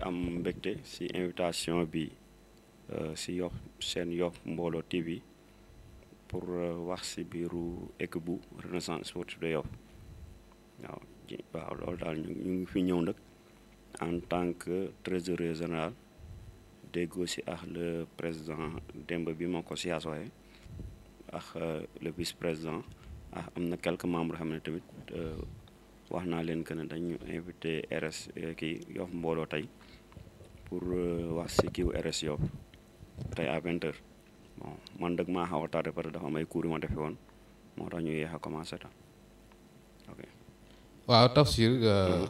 am mbégte ci invitation bi euh, ci yo sen yo mbolo TV pour euh, wax ci biiru ekbu Renaissance sport de Yoff waaw waaw loolu daal ñu ngi fi ñew nak en tant que trésorier général dégo ci ak le président démb bi mako ci siyaas ak euh, le vice président ak ah, amna quelques membres xam tamit wax naa leen que ne dañu invité RS kii Yoff Mbollo tey pour euh, wax si kiw RS Yoff tey à bon man dëgg maa xaw a tardé parce que dafa am ay cours yu ma defe woon moo tax ñu yéex a commencé tam ok waaw Tafsir ñu euh,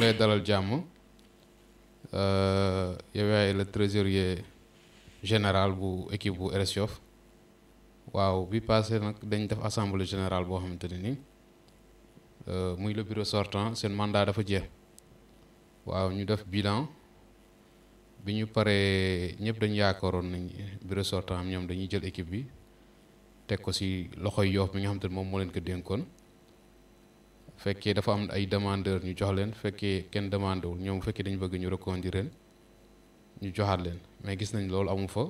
lay dalal jàmm euh, yow yaay le trésorier général bu équipe bu RS waaw bi passé nag dañ def assemblée général boo xamante ne ni muy le bureau sortant seen mandaa dafa jeex waaw ñu def bilan bi ñu paree ñëpp dañu yaakaaroon nañ bi ressortant am ñoom dañuy jël équipe bi teg ko ci loxoy Yoff bi nga xam te ne moom moo leen ko dénkoon fekkee dafa am ay demandeur ñu jox leen fekkee kenn demandé wul ñoom bu fekkee dañu bëgg ñu reconduire leen ñu joxaat leen mais gis nañ loolu amu fa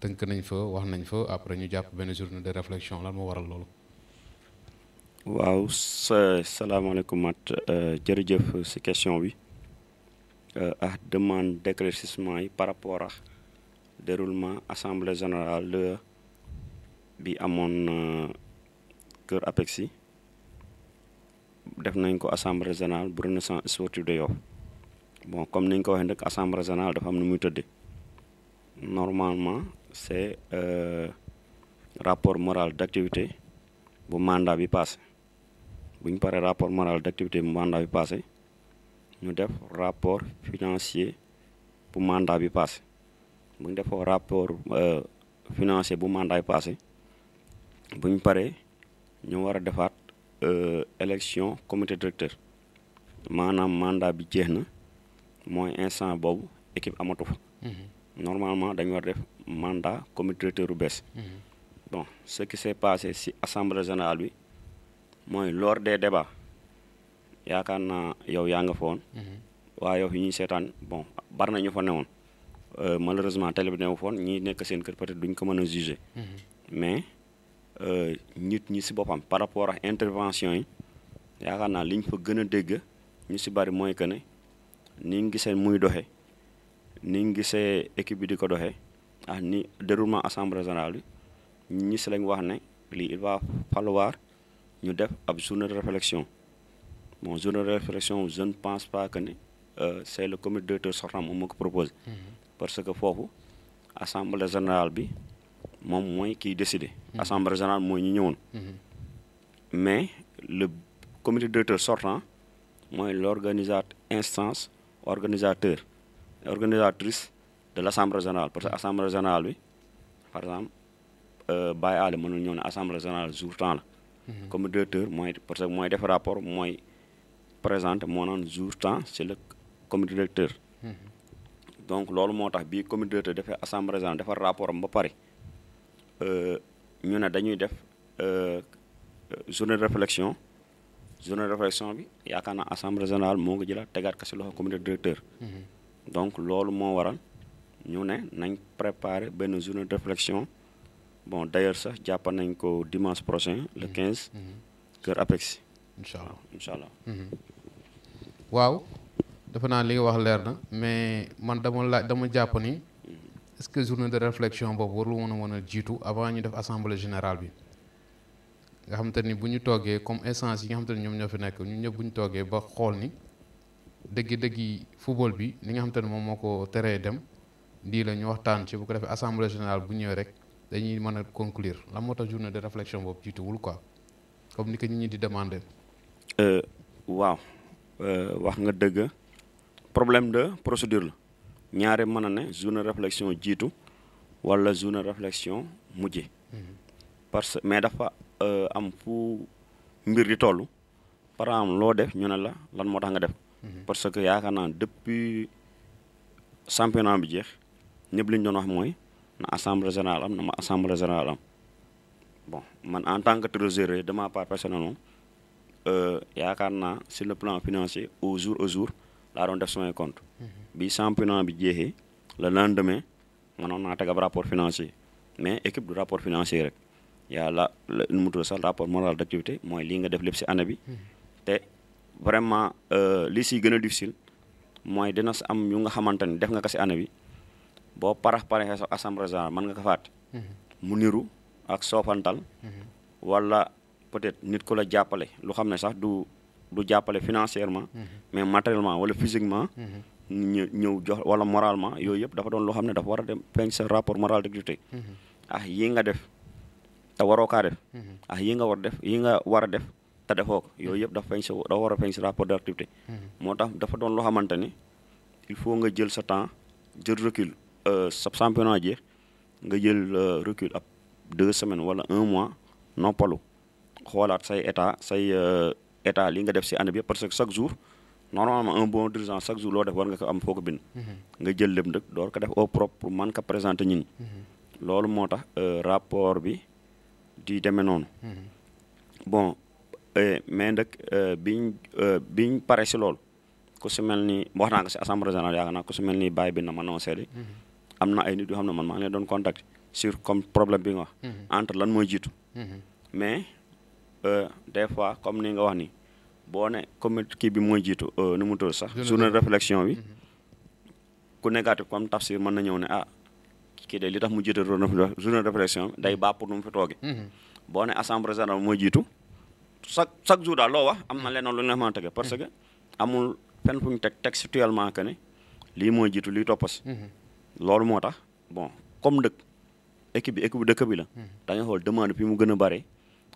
tënk nañ fa wax nañ fa après ñu jàpp benn journée de réflexion la moo waral loolu. waaw salaamaaleykum Mat euh, jërëjëf ci question bi. euh, à demande d'éclaircissement par rapport à déroulement assemblée générale de bi amone euh, cœur apexi def nañ ko assemblée générale bu renaissance sportive de yoff bon comme niñ ko waxe nak assemblée générale dafa am nu muy teudé normalement c'est euh, rapport moral d'activité bu mandat bi passé buñ paré rapport moral d'activité bu mandat bi passé nous un rapport financier le mandat bi passé nous ñu un rapport euh, financier le mandat passé bu ñu paree ñu war a defaat euh, élection comité directeur un mandat bi jeex na instant boobu équipe amatu fa mhm. normalement d'ailleurs le mandat comité directeur bu mhm. bon ce qui s'est passé si assemblée générale bi moins lors des débats yaakaar naa yow yaa nga foon woon. Mhm. waa yow yi ñuy seetaan bon bari na ñu fa newoon euh, malheureusement télé bi newu foon ñi nekk seen kër peut-être ko mën a juger. Mhm. mais euh, nit ñi si boppam par rapport ak intervention yi yaakaar naa liñ fa gën a dégg ñu si bari mooy que ne ni ñu gisee muy doxe ni gisee équipe bi di ko doxe ah ni déroulement assemblée générale bi ñi si lañ wax ne li il va falloir ñu def ab journée de réflexion je ne pense pas que euh, c'est le comité d'auteur sortant que je propose. Mm-hmm. parce que vous, l'Assemblée générale bi moi qui décide. L'Assemblée mm-hmm. assemblée générale moi, nous. Mm-hmm. mais le comité d'auteur sortant moi, l'organisateur, instance organisateur organisatrice de l'assemblée générale parce que l'assemblée générale par exemple euh, Baye Ali mënul ñëw L'Assemblée générale jour temps comité directeur moi, parce que je def rapport moi. présenter moo naan jour temps c'est le comité directeur mm-hmm. donc loolu moo tax bii comité directeur dafay assemblée générale defa rapport am ba pare euh, ñu ne dañuy def euh, euh, journée de réflexion journée de réflexion bi yaakaar naa assemblée générale moo ngi jëlaat tegaat ko si loxo comité directeur mm-hmm. donc loolu moo waral ñu ne nañ préparer benn journée de réflexion bon d'ailleurs sax jàpp nañ ko dimanche prochain le mm-hmm. quinze kër APEX incha allah waaw dafa naa li nga wax leer na mais man dama laaj dama jàpp ni est-ce que journée de réflexion boobu warul woon a mën a jiitu avant ñu def assemblée générale bi nga xam ni bu ñu toogee comme instance yi nga xam ni ñoom ñoo fi nekk ñun ñëpp ñu toogee ba xool ni dëgg-dëgg football bi ni nga xam te ni moom moo ko teree dem lii la ñu waxtaan ci bu ko defee assemblée général bu ñëwee rek dañuy mën a conclure lan moo tax journée de réflexion boobu jiituwul quoi comme ni ko nit ñi di demander. Euh, waaw. Euh, wax nga dëgg problème de procédure la ñaare mën a ne zone réflexion jiitu wala zone réflexion mujje parce que mais dafa euh, am fu mbir di toll par exemple loo def ñu ne la lan moo tax nga def mhm. parce que yaakaar naa depuis championnat bi jeex ñëpp li doon wax mooy na assemblée générale am na ma assemblée générale am man en tant que trésorier de ma part personnelle Euh, yaakaar naa sur le plan financier au jour au jour laa doon def samay compte mhm. bi championnat bi jeexee le lendemain manoon naa teg ab rapport financier mais équipe du rapport financier rek yaa la nu mu tudd sax rapport moral d' activité mooy lii nga def lépp si année mhm. te vraiment euh, li si gën a difficile mooy dina sa am ñu nga xamante ni def nga ko si année bi boo parax paraxee sa assemblée générale man nga ko fàtte mhm. mu niru ak soofantal wala peut-être nit ko la jappalé lu xamné sax du du jappalé financièrement mhm. mais matériellement wala physiquement mhm. ñu jox wala moralement yoy yep dafa don loo xam dafa wara dem feeñ sa rapport moral d'activité mhm. ah yi nga def ta waro ka def ah yi nga war def yi nga wara def ta defo ko yooyu yëpp dafa feeñ sa dafa war a sa rapport d'activité moo tax dafa don loo xamante il faut nga jël sa temps jël recul euh sa championnat jeex nga jël euh, recul ap 2 semaines wala 1 mois non noppalu xoolaat say état say état uh, li nga def ci année bi parce que chaque jour normalement un bon dirigeant chaque jour lo def war nga ko am foko bin mhm. nga jël lepp nag door ko def au propre pour man ko présenter ñin mhm. lolu motax euh, rapport bi di démé non mhm. bon euh mais nag euh, biñ euh, biñ paré ci loolu ku si melni waxna wax naa ko si assemblée générale ya nga ku si melni bay bi na ma non seede amna ay nit yoo xamna man ma ngi leen contact sur comme problème bi nga wax entre lan moy jitu mais Euh, des fois comme ni nga wax ni boo ne comme kii bi mooy jiitu euh, nu mu tudd sax journée de réflexion bi mhm. ku négatif comme tafsir man na ñëw ne a ah, kii de li tax mu jiite journée de réflexion bi day baax pour nu mu fi tooge mhm. boo ne assemblée générale mooy jiitu chaque jour daal loo wax am na mhm. leneen lu ñu la mën a tege parce que amul fenn fu ñu teg textuellement que ne lii mooy jiitu lii toppas loolu moo tax bon comme dëkk équipe bi dëkk bi la da nga xool demande bi mu gën a bare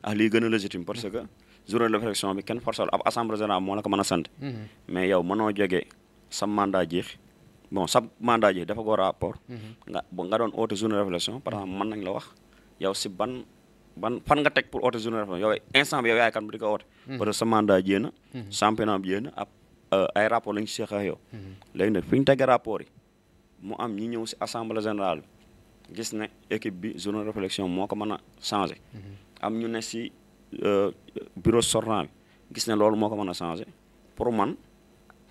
ah lii gën a légitime parce que journée de bi kenn forcéral ab assemblée générale moo la ko mën a sant mm-hmm. mais yow mënoo jógee sa mandat jeex bon sa mandat jeex dafa ko rapport mm-hmm. nga nga doon oote journée de réflexion par exemple mm-hmm. mën nañ la wax yow si ban ban nga teg pour oote journée de réflexion instant di ko oote parce que sa mandat jéem na championnat na ab euh, ay rapport lañ si seeqa yow léegi nag fi ñu am ñi ñëw si assemblée générale bi gis ne équipe bi journée de moo ko mën a changé am ñu ne si euh, bureau sorna bi gis ne loolu moo ko mën a changé pour man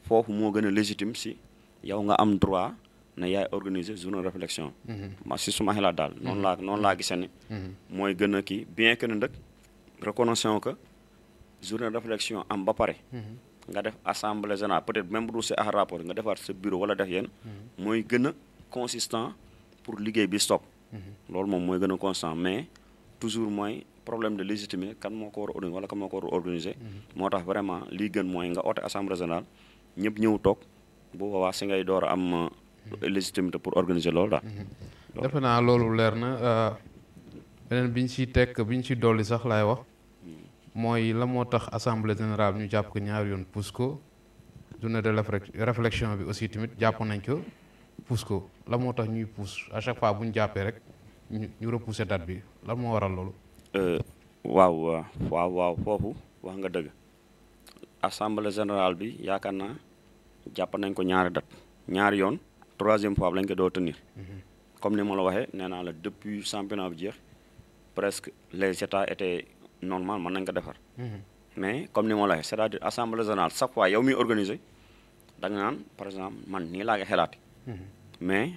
foofu moo gën a légitime si yow nga am droit na yaay organiser journée réflexion mhm. ma si suma xelaat daal noonu laa mhm. noonu laa gisee ne mhm. mooy gën a kii bien que ne nag reconnaissant que journée réflexion am ba pare nga def assemblée générale peut-être même rapport nga defaat sa bureau wala def yéen mooy gën consistant pour liggéey bi stop loolu moom mooy gën a constant mais toujours mooy problème de légitimité kan moko ko war organiser wala kan moko ko war organiser. Mhm. motax vraiment li gën moy nga oote assemblée générale ñëpp ñew tok bu wa si ngay door am mhm. légitimité pour organiser lool da mhm. defe na loolu leer na euh, beneen bi ñu siy tekk bi ñu si sax lay wax moy hmm. la motax assemblée générale ñu japp ko ñaar yoon pousco ko journée de réflexion bi aussi timit japp nañ ko pousco la motax ñuy pousse à chaque fois buñ jappé rek ñu repousser date bi lan mo waral loolu. waaw waaw waaw foofu wax nga dëgg assemblée générale bi yaakaar naa jàpp nañ ko ñaari dat ñaari yoon troisième fois lañ ko doo tenir comme ni ma la waxee nee naa la depuis championnat bi jeex presque les états étaient normal mën nañ ko defar mais comme ni ma la waxee c'est-à-dire assemblée générale chaque fois yow mi organiser da nga naan par exemple man nii laa nga xelaati mais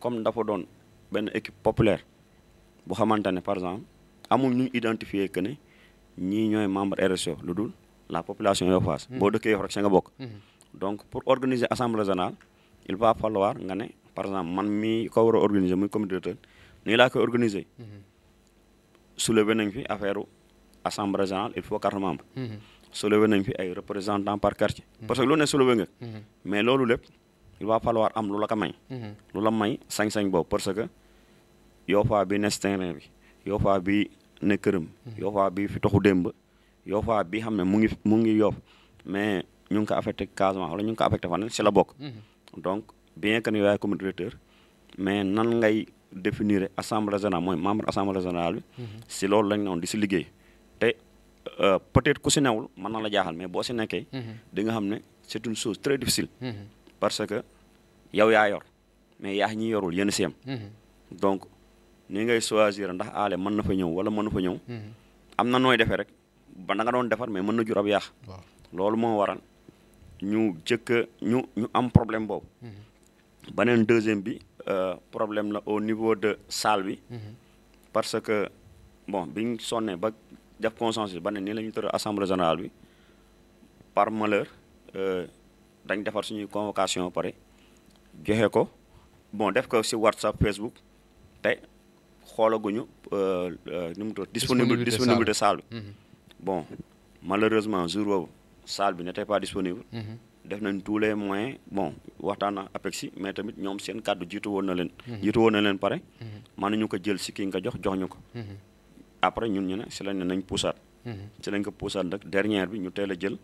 comme dafa doon benn équipe populaire bu xamante ne par exemple amul ñu identifier que ne ñii ñooy membre RSO lu dul la population yoffaas mm-hmm. boo dëkkee yof rek sa nga bokk mm-hmm. donc pour organiser assemblée générale il va falloir nga ne par exemple man mii ko war a organiser muy comité directeur nii laa koy organiser mm-hmm. par quartier parce que lu ne soulever nga mais loolu lépp il va falloir am parce que yow faa bi nes terrain bi yofa bi ne kërëm yofa bi fi toxu démb yofa bi xam ne mu ngi mu ngi yof mais ñu ngi ko affecté casement wala ñu ngi ko affecté fan si la bokk donc bien que ne yow comme directeur mais nan ngay définir assemblée générale mooy membre assemblée générale bi si loolu lañ noonu di si liggéey te peut-être ku si newul mën na la jaaxal mais boo si nekkee di nga xam ne c'est une chose très difficile parce que yow yaa yor mais yaa ñi yorul yéen si yem donc ni ngay choisir ndax aale mën na fa ñëw wala mën na fa ñëw mm-hmm. am na nooy defee rek ba na nga doon defar mais mën na jur ab yàq loolu moo waral ñu jëkk ñu ñu am problème boobu mm-hmm. beneen deuxième bi euh, problème la au niveau de salle bi mm-hmm. parce que bon biñ sonnee ba def consensus ba ne nii la ñu tëral assemblée générale bi par malheur euh, dañ defar suñuy convocation pare joxe ko bon def ko si whatsapp facebook te xoolaguñu euh, euh, nu mu tudd disponible disponible de salle bi bon malheureusement jour boobu salle bi n'était pas disponible mhm. def nañ tous les moyens bon waxtaan ak APEXI mais tamit ñoom seen kaddu jiitu woon na leen mhm. jiitu woon na leen pare mhm. mën ñu ko jël si kii nga ko jox jox ñu ko après ñun ñu ne si lañ ne nañ puusaat si lañ ko puusaat nag dernière bi ñu teel a jël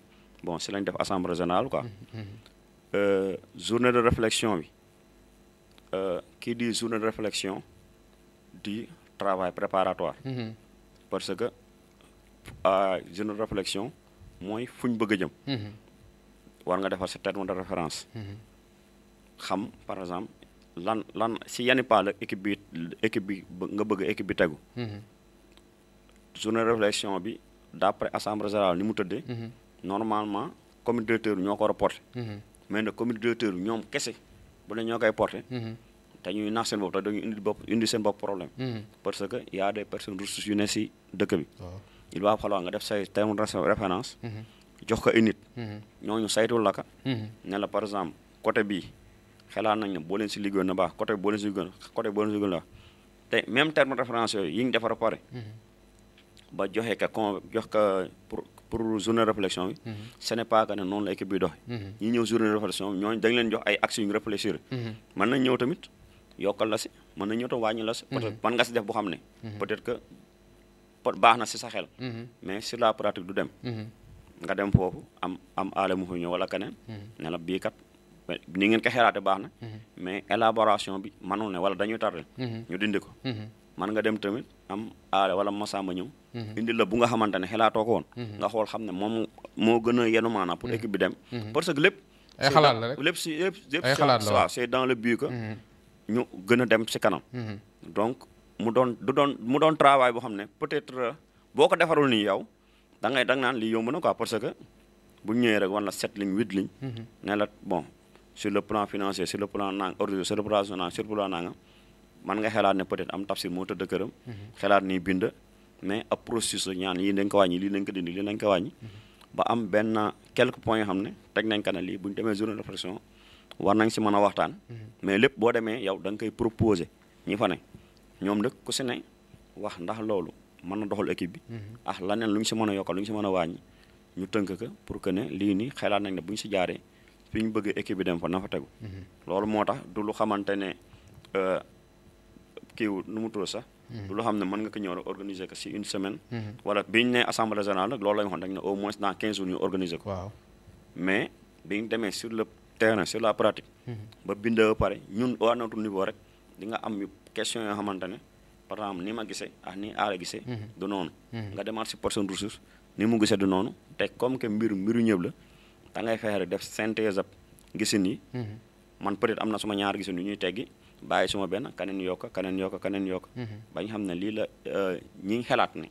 bon si lañ def assemblée générale ko euh, journée de réflexion bi kii di journée de réflexion du travail préparatoire. Mm-hmm. parce que à jeune réflexion mooy fu bëgg a jëm. Mm-hmm. war nga defar sa terme de référence. Mm-hmm. xam par exemple lan lan si yan pas la équipe bi équipe bi nga bëgg équipe bi tegu. journée réflexion bi d' après assemblée ni mu tëddee. normalement comité directeur ñoo ko war a porté mais nag directeur ñoom kese bu ne ñoo koy porté. te ñuy nax seen bopp te dañuy indi bopp indi seen bopp problème. Hmm. parce que y a des personnes ressources ne si dëkk bi. il va falloir nga def say terme référence. Hmm. jox ko ay hmm. ñooñu saytul la ka. par exemple côté bii xelaat nañ ne boo si liggéeyoon na baax côté boo leen si gën côté boo leen si gën la te même terme de référence yooyu yi ñu defar pare. ba joxe ka con jox ka pour pour journée réflexion bi. ce n'est pas que ne noonu la équipe bi doxee. ñi ñëw journée réflexion bi ñooñu dañ leen yokkal la si mën na ñëw tam wàññi la si mhm. peut-être mën nga si def bu xam ne mhm. peut-être baax na si sa mhm. mais sur la pratique du dem nga dem foofu am am aale mu ñëw wala keneen ne la bii kat ni ngeen ko xeraate baax na mais élaboration bi manul ne wala dañuy tardé ñu dindi ko man nga dem tamit am aale wala a ñëw indi la bu nga xamante ne xelaatoo ko woon nga xool xam ne moom moo gën a yenu maanaam pour équipe bi dem parce que lépp ay xalaat la rek lépp si lépp lépp waaw c'est dans le but que ñu gën a dem si kanam. Mm-hmm. donc mu doon du doon mu doon travail boo xam ne peut-être boo ko defarul nii yow da ngay naan lii yomb na quoi parce que bu ñëwee rek war na sept mm-hmm. bon sur le plan financier sur le plan nang ordinaire sur le plan naang sur le plan nangam man nga xalaat ne peut am tafsir moo tëdd këram. Mm-hmm. xalaat nii bind. mais ab processus la ñaan lii dañ ko wàññi lii dañ ko dindi lii dañ ko wàññi. ba am benn quelques points xam ne teg nañ ko ne lii war nañ si man a waxtaan. Mm-hmm. mais lépp boo demee yow da nga koy proposer ñi fa ne ñoom nag ku si ne wax ndax loolu mën na doxal équipe bi. Mm-hmm. ah laneen lu ñu si man a yokkal lu ñu si mën a wàññi ñu tënk ko pour que ne lii nii xelaat nañ ne buñ si jaaree fi ñu bëgg équipe bi dem fa na fa tegu. Mm-hmm. loolu moo tax du lu xamante ne euh, kii nu mu tudd sax. du loo xam ne mën nga ko ñëw rek organiser ko si une semaine. wala bi ñu nee assemblée générale loolu la ñu waxoon dañ bi ñu demee sur terrain c'est la pratique ba bind ba pare ñun au notre niveau rek di nga am question yo xamantane par exemple ni ma gissé ah ni ala gissé du non nga demaat ci personne ressource ni mu gissé du non té comme que mbir mbiru ñëpp la da ngay fexé def synthèse ab gisin yi man peut être amna na suma ñaar gissé ni ñuy téggi bayyi suma ben kanen yok kanen yok kanen yok bañ xamné li la euh, ñi ngi ni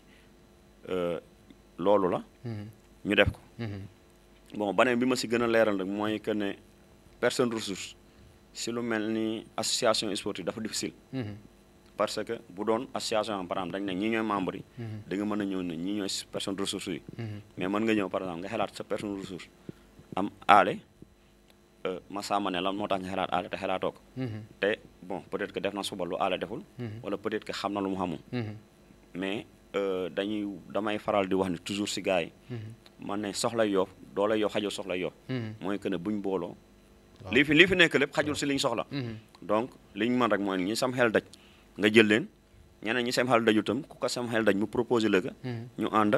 euh lolu la ñu def ko bon beneen bi ma si gën a leeral rek mooy que ne personne ressource si lu mel ni association sportive dafa difficile. Mhm. parce que bu doon association am par exemple dañ ne ñi ñooy membre yi. Mhm. da nga mën a ñëw ne ñi ñooy personne ressource yi. Mhm. mais mën nga ñëw par exemple nga xalaat sa personne ressource am aale euh, Massamba ne la moo tax nga xalaat aale te xalaatoo ko. te bon peut-être que def na suba lu aale deful. wala peut-être que xam na lu mu xamul. mais euh, dañuy damay faral di wax ni toujours si gars yi. man ne soxla Yoff doole Yoff xajul soxla Yoff. li fi li fi nek lepp xajul ci liñ soxla mhm. donc liñ man rek moy ñi sam xel daj nga jël leen ñeneen ñi sam xel daj utam ku ko sam xel daj mu proposer le ga mhm. ñu and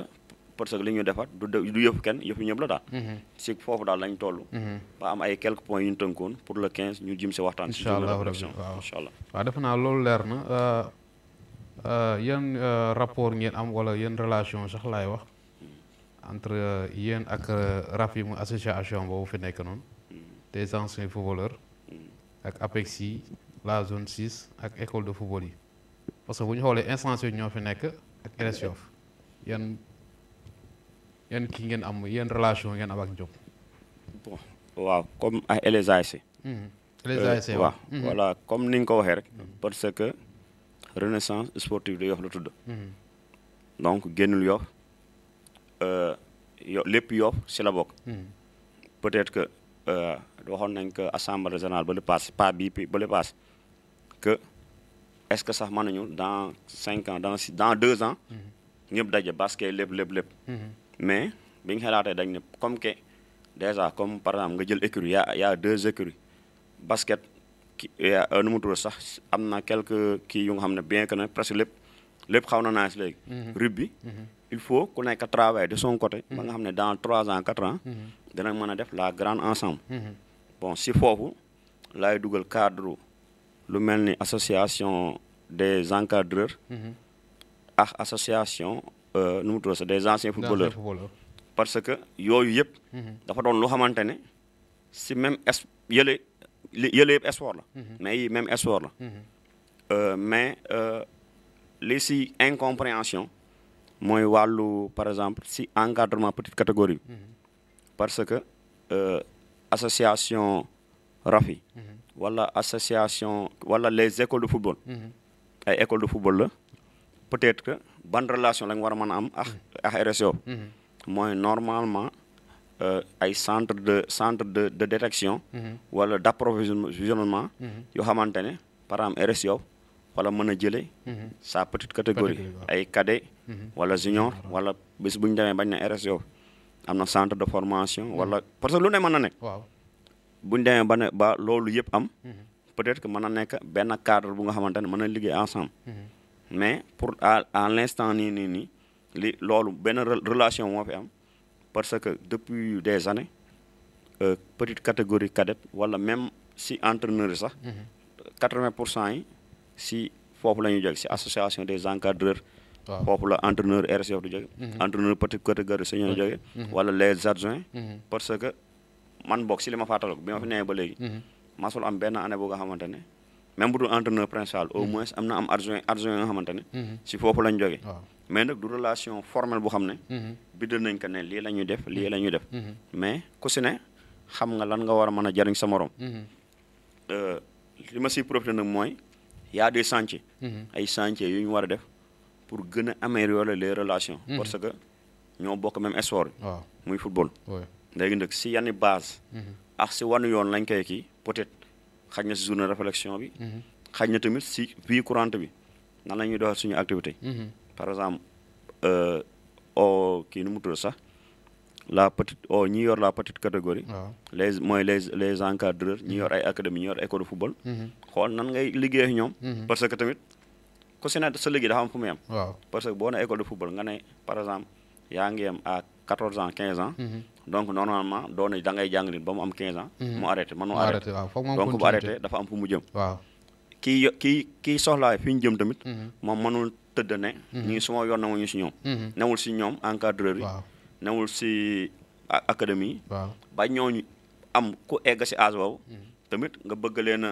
parce que liñu defat du du yëf ken yëfu ñëpp la daal ci mhm. fofu dal lañ tollu ba am ay quelques points yu ñu tënkoon pour le 15 ñu jim ci waxtaan incha inshallah wa def na loolu leer na euh, euh, yeen euh, rapport ngeen am wala yeen relation sax lay wax hmm. entre yeen ak RAFI mu association bo fi nek non des anciens footballeurs avec APEXI la zone 6 avec l'école de football parce que vous avez un instance qui relation comme les mm-hmm. euh, mm-hmm. voilà comme Ninko parce que renaissance sportive de Yoff la mm-hmm. donc génnul Yoff euh, yo Yoff la peut-être que. Euh, waxoon nañ que assemblée générale ba le paas pas bii ba paas que est-ce que sax mën nañu dans cinq ans dans dans deux ans. Mhm. ñëpp daje basket lépp lépp lépp. Mhm. mais bi ñu xalaatee dañ comme que déjà comme par exemple nga jël écurie y'a y'a deux écuries basket ki euh, nu mu tudd sax am na quelques kii yu nga xam ne bien que ne presque lépp lépp xaw na naa si léegi. Mhm. rugby il faut ku nekk travail de son côté. ba nga xam ne dans trois ans quatre ans. dana mën a def la grande ensemble. bon si vous lay dugal cadre lu melni association des encadreurs mhm. ak association euh nous des anciens footballeurs parce que yooyu yep mhm. dafa don lo xamantene si même es yele yële la mhm. mais même espoir. la euh, mais euh, les si incompréhension moy walu par exemple si encadrement petite catégorie parce que euh, association Rafi voilà mm-hmm. association voilà les écoles de football mm-hmm. ay école de football là, peut-être que ban relation la nga war a am mm-hmm. normalement euh, ay centre de centre de de détection voilà d'approvisionnement yoo xamante ne par exemple RSO wala mën a jële sa petite catégorie ay cadet voilà junior wala bés bu ñu demee bañ na RSO am na centre de formation hmm. wala parce que lu ne mën na nekk. waaw bu ñu demee ba ne ba loolu yëpp am. Hmm. peut-être que mën na nekk benn cadre bu nga xamante ne mën na liggéey ensemble. Hmm. mais pour à à l'instant nii nii nii li loolu benn relation moo fi am parce que depuis des années euh, petite catégorie cadette wala même si entraîneur yi sax. 80 pour cent yi si foofu la ñuy jóg si association des encadreurs. foofu la entraîneur RCF du jóge mhm. entraîneur petite catégorie senior mhm. jóge mhm. wala les adjoints parce que man bokk si li ma fàttaliku bi ma fi newee ba léegi masul am benn année bu a xamante ne même bu dul entraîneur principal au moins am na am adjoint adjoint nga xamante ne si foofu lañ jóge mais nag du relation formelle bu xam ne biddal nañ ko ne lii la ñuy def lii la ñuy def mais ku si ne xam nga lan nga war a mën a jëriñ sa morom euh, li ma siy profité nag mooy y a des ay chantiers yu ñu war def pour gën a améliorer les relations. Hmm. parce que ñoo bokk même sport bi. waaw muy football. léegi nag si yenn base. Hmm. ak si wan yoon lañ koy ki peut-être xaj na si journée réflexion bi. Hmm. xaj na tamit si vie courante bi nan la ñuy doxal suñu activité. par exemple o euh, kii nu mu tudd sax la petite o ñi yor la petite catégorie. les mooy les les encadreurs ñi yor ay académie ñi yor école football. xool nan ngay liggéey ñoom. parce que tamit. ku si ne sa liggéey dafa am fu muy am. waaw parce que boo nee école de football nga ne par exemple yaa ngi am a 14 ans 15 ans. Mhm. donc normalement doo ne da ngay jàngalee ba mu am 15 ans. Mhm. mu arrêté man mu arrêté dafa am fu mu jëm. waaw kii fi ñu jëm tamit. Mhm. moom mënul tëdd ne. ñii su ma yoon si ñoom. newul si ñoom encadreur newul si académie ba ñooñu am ku egg si âge tamit nga bëgg leen a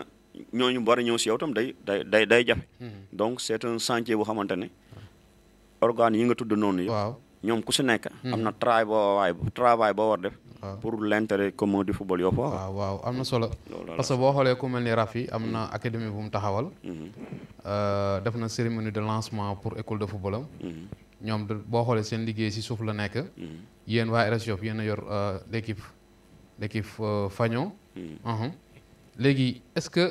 ñooñu bari ñëw si yow tam day day day day jafe. Hmm. donc c' est un chantier boo xamante ne yi nga tudd noonu yëpp. waaw ñoom ku si nekk. Hmm. am na travail boo waay travail boo war def. pour l' intérêt commun du football yoo fa. waaw am na solo. parce que boo xoolee ku mel ni Rafi am na hmm. académie bu mu taxawal. Euh, def na cérémonie de lancement pour école de football am. ñoom boo xoolee seen liggéey si suuf la nekk. yéen waa RS Yoff yéen a yor l' équipe l' léegi est ce que.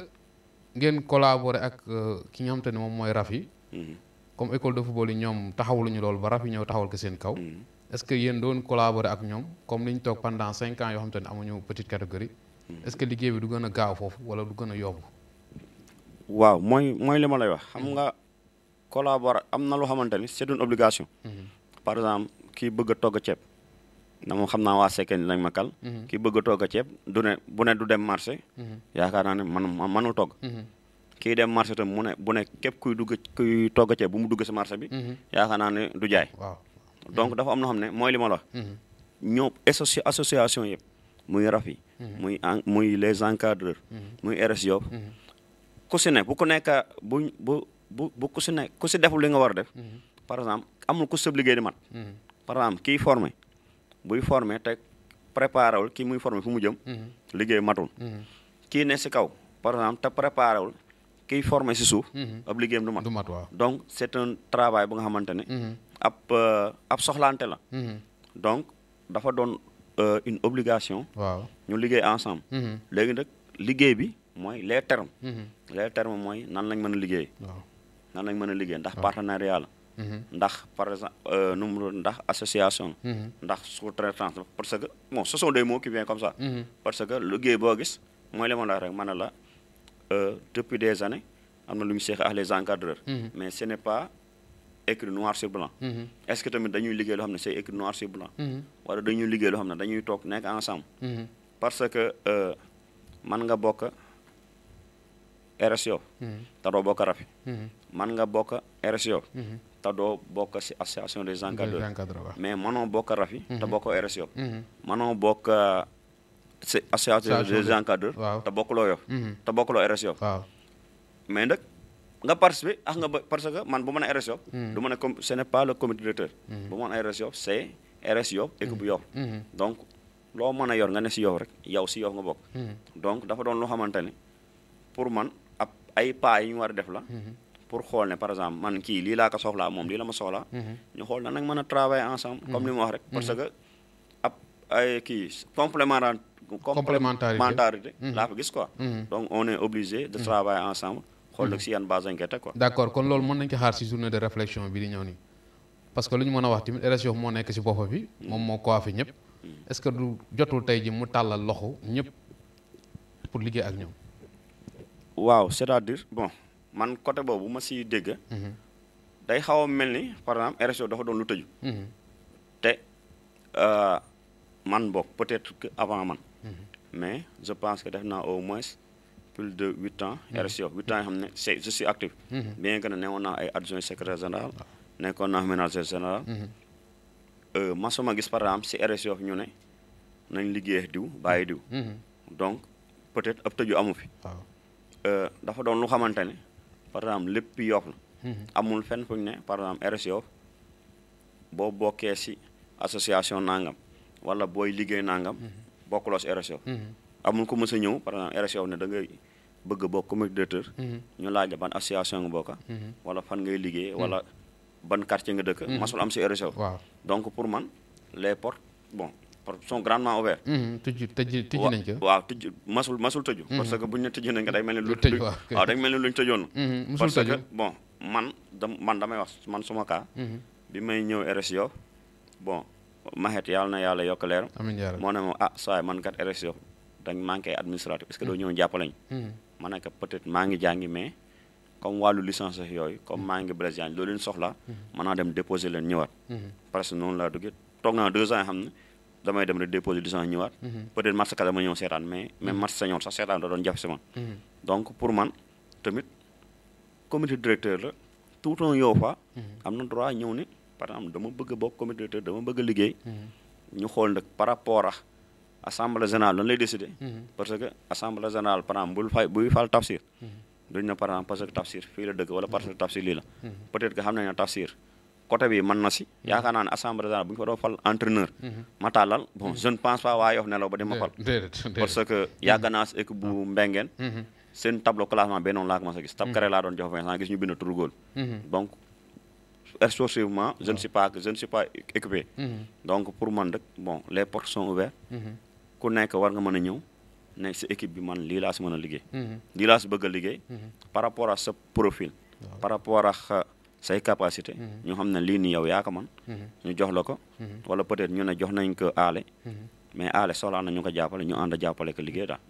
ngeen collaborer ak euh, ki nga xam te ne moom mooy Rafi. Mhm. comme école de football yi ñoom taxawluñu loolu ba Rafi ñëw taxawal ko seen kaw. Mhm. est-ce que yéen doon collaborer ak ñoom comme li ñu toog pendant cinq ans yoo xam te ne amuñu petite catégorie. Mhm. est liggéey bi du gën a gaaw foofu wala du gën a yomb. waaw mooy mooy li ma lay wax xam nga collaborer am na loo xamante ni c'est une obligation. par exemple kii bëgg a togg ceeb. na moom xam naa waa Seckeen dinañ ma kal mhm. ki bëgg a togg ceeb du ne bu ne du dem marché. Mhm. yaakaar naa ne man manul togg. Mhm. kii dem marché tam mu ne bu ne képp kuy dugg kuy togg ceeb mu dugg si marché bi. yaakaar naa ne du jaay. waaw donc dafa am na xam ne mooy li ma la. ñoom associ association yëpp muy Rafi. muy en muy les encadreurs. muy RS Yoff. ku si ne bu ku nekk bu bu bu bu ku si ne ku si deful li nga war a def. par exemple amul ku sëb liggéey di mat. par exemple kii formé. buy formé te préparé wul kii muy formé fu mu jëm. Mhm. liggéey matul. Mhm. kii ne si kaw par exemple te préparé wul kiy formé si suuf. Mhm. ab liggéeyam du mat du mat donc c' est un travail bu nga xamante ne. ab soxlante euh, soxlaante la. donc dafa doon euh, une obligation. waaw ñu liggéey ensemble. léegi nag liggéey bi mooy les termes. les termes mooy nan lañ mën a liggéey. nan lañ mën a liggéey ndax partenariat la. Mm-hmm. ndax par exemple euh, nu mu ndax association. Mm-hmm. ndax sous-traitance parce que bon ce sont des mots comme ça. Mm-hmm. parce que géey boo gis mooy li ma la la euh, depuis des années am na lu ñu seex ak les encadreurs. mais ce n' est pas écrit noir sur blanc. est ce que tamit dañuy liggéey loo xam ne c' est écrit dañuy ne dañuy toog nekk ensemble. parce que euh, man nga bokk. RSO. te doo bokk rafi man nga bokk RSO. te doo bokk si association des encadreurs mais manoo bokk rafi te mhm. bokk RSO mhm. manoo bokk si euh, association des encadreurs te bokkuloo yof mhm. te bokkuloo RSO mais nag nga participer ax ah, nga ba parce que man bu mën a RSO du ma ne comme ce n'est pas le comité bu mën a RSO c'est donc loo mën a yor nga ne si yof rek yow si yof nga bokk donc dafa doon loo xamante ne pour man ay pas yi ñu war def la pour xool ne par exemple man kii lii laa ko soxlaa moom lii la ma soxlaa. Mhm. ñu xool na nag mën a travailler ensemble. comme mhm. li ma wax rek mhm. parce que complémentarité. laa fa gis ko donc on est obligé de travailler ensemble. xool nag si yan base lañ koy teg quoi. d' accord kon loolu mën nañ ko xaar si journée de réflexion bi di ñëw nii parce que lu ñu mën a wax tamit élection moo nekk si boppam bi. moom moo ko fi ñëpp. est ce que du jotul tey ji mu tàllal loxo ñëpp pour liggéey ak ñoom. man côté boobu ma si dégg. Mhm. day xaw a mel ni par exemple RSO dafa doon lu tëju. Mhm. te euh, man bokk peut-être que avant man. Mhm. mais je pense que def naa au moins plus de huit ans. RSO huit ans yoo xam ne c'est je suis actif. bien que ne newoon naa ay adjoint secrétaire général. Ah. nekkoon naa ménager général. Euh, masuma gis par exemple si RSO ñu ne nañ liggéey diw bàyyi diw. donc peut-être ab tëju amu fi. Ah. Euh, dafa doon lu xamante ne. par exemple lépp yokk mhm. amul fenn fu ne par exemple RSO boo bokkee si association nangam wala booy liggéey nangam mhm. bokkuloo si RSO mhm. amul ku mës a ñëw par exemple RSO ne da ngay bëgg bokk comme directeur ñu laaj ban association nga bokka wala fan ngay liggéey wala ban quartier nga dëkk masul am si RSO donc pour man les portes bon son grandement ouvert tëj tëj tëj nañ ko waaw tëj masul masul tëju parce que buñu ne nañ ko day melni lu lu waaw day melni luñ luñ hmm parce que bon man man damay wax man suma hmm bi may ñew RSO bon mahet yalla na yalla yok leer ya mo ne mo ah saay man kat RSO dañ manké administratif parce que do ñew japp lañ hmm ne ko peut être ma ngi jangi mais comme walu licence yoy comme ma ngi Brésilien lo leen soxla man na dem déposer leen hmm parce que non la duggee toog naa ans xamna damay dem rek déposer licence ñëwaat. Mhm. peut-être match ka dama ñëw seetaan mais même mhm. match sañoon seetaan da doon jafe si man. Mhm. donc pour man tamit comité directeur la tout un yow fa. am na droit ñëw ne par exemple dama bëgg a bokk directeur dama bëgg a liggéey. ñu xool nag par rapport ak assemblée générale lan lay parce que assemblée générale par exemple buy fay buy fal tafsir. duñ par exemple parce que tafsir fii la dëkk wala parce que tafsir lii côté bi man na si yaakaar naa ne assemblée générale bu ñu fa doon fal entraîneur mhm. ma tàllal bon je ne pense pas waa yof nelaw ba di ma fal parce que yàgg naa si équipe bu mhm. Mbengen. Mhm. seen tableau classement benn noonu laa ko mas a gis tab carré laa doon jox Vincent gis ñu bind tur góol donc exclusivement je ne suis pas je ne suis pas équipé donc pour man rek bon les portes sont ouvertes ku nekk war nga mën a ñëw ne si équipe bi man lii laa si mën a liggéey lii laa si bëgg a liggéey par rapport à sa profil par rapport à say capacité mhm. ñu xam ne lii nii yow yaa ko man mhm. ñu jox la ko mhm. wala peut ñu ne jox nañ ko aale mais aale soxla na ko jàppale ñu ànd jàppale ko liggéey daal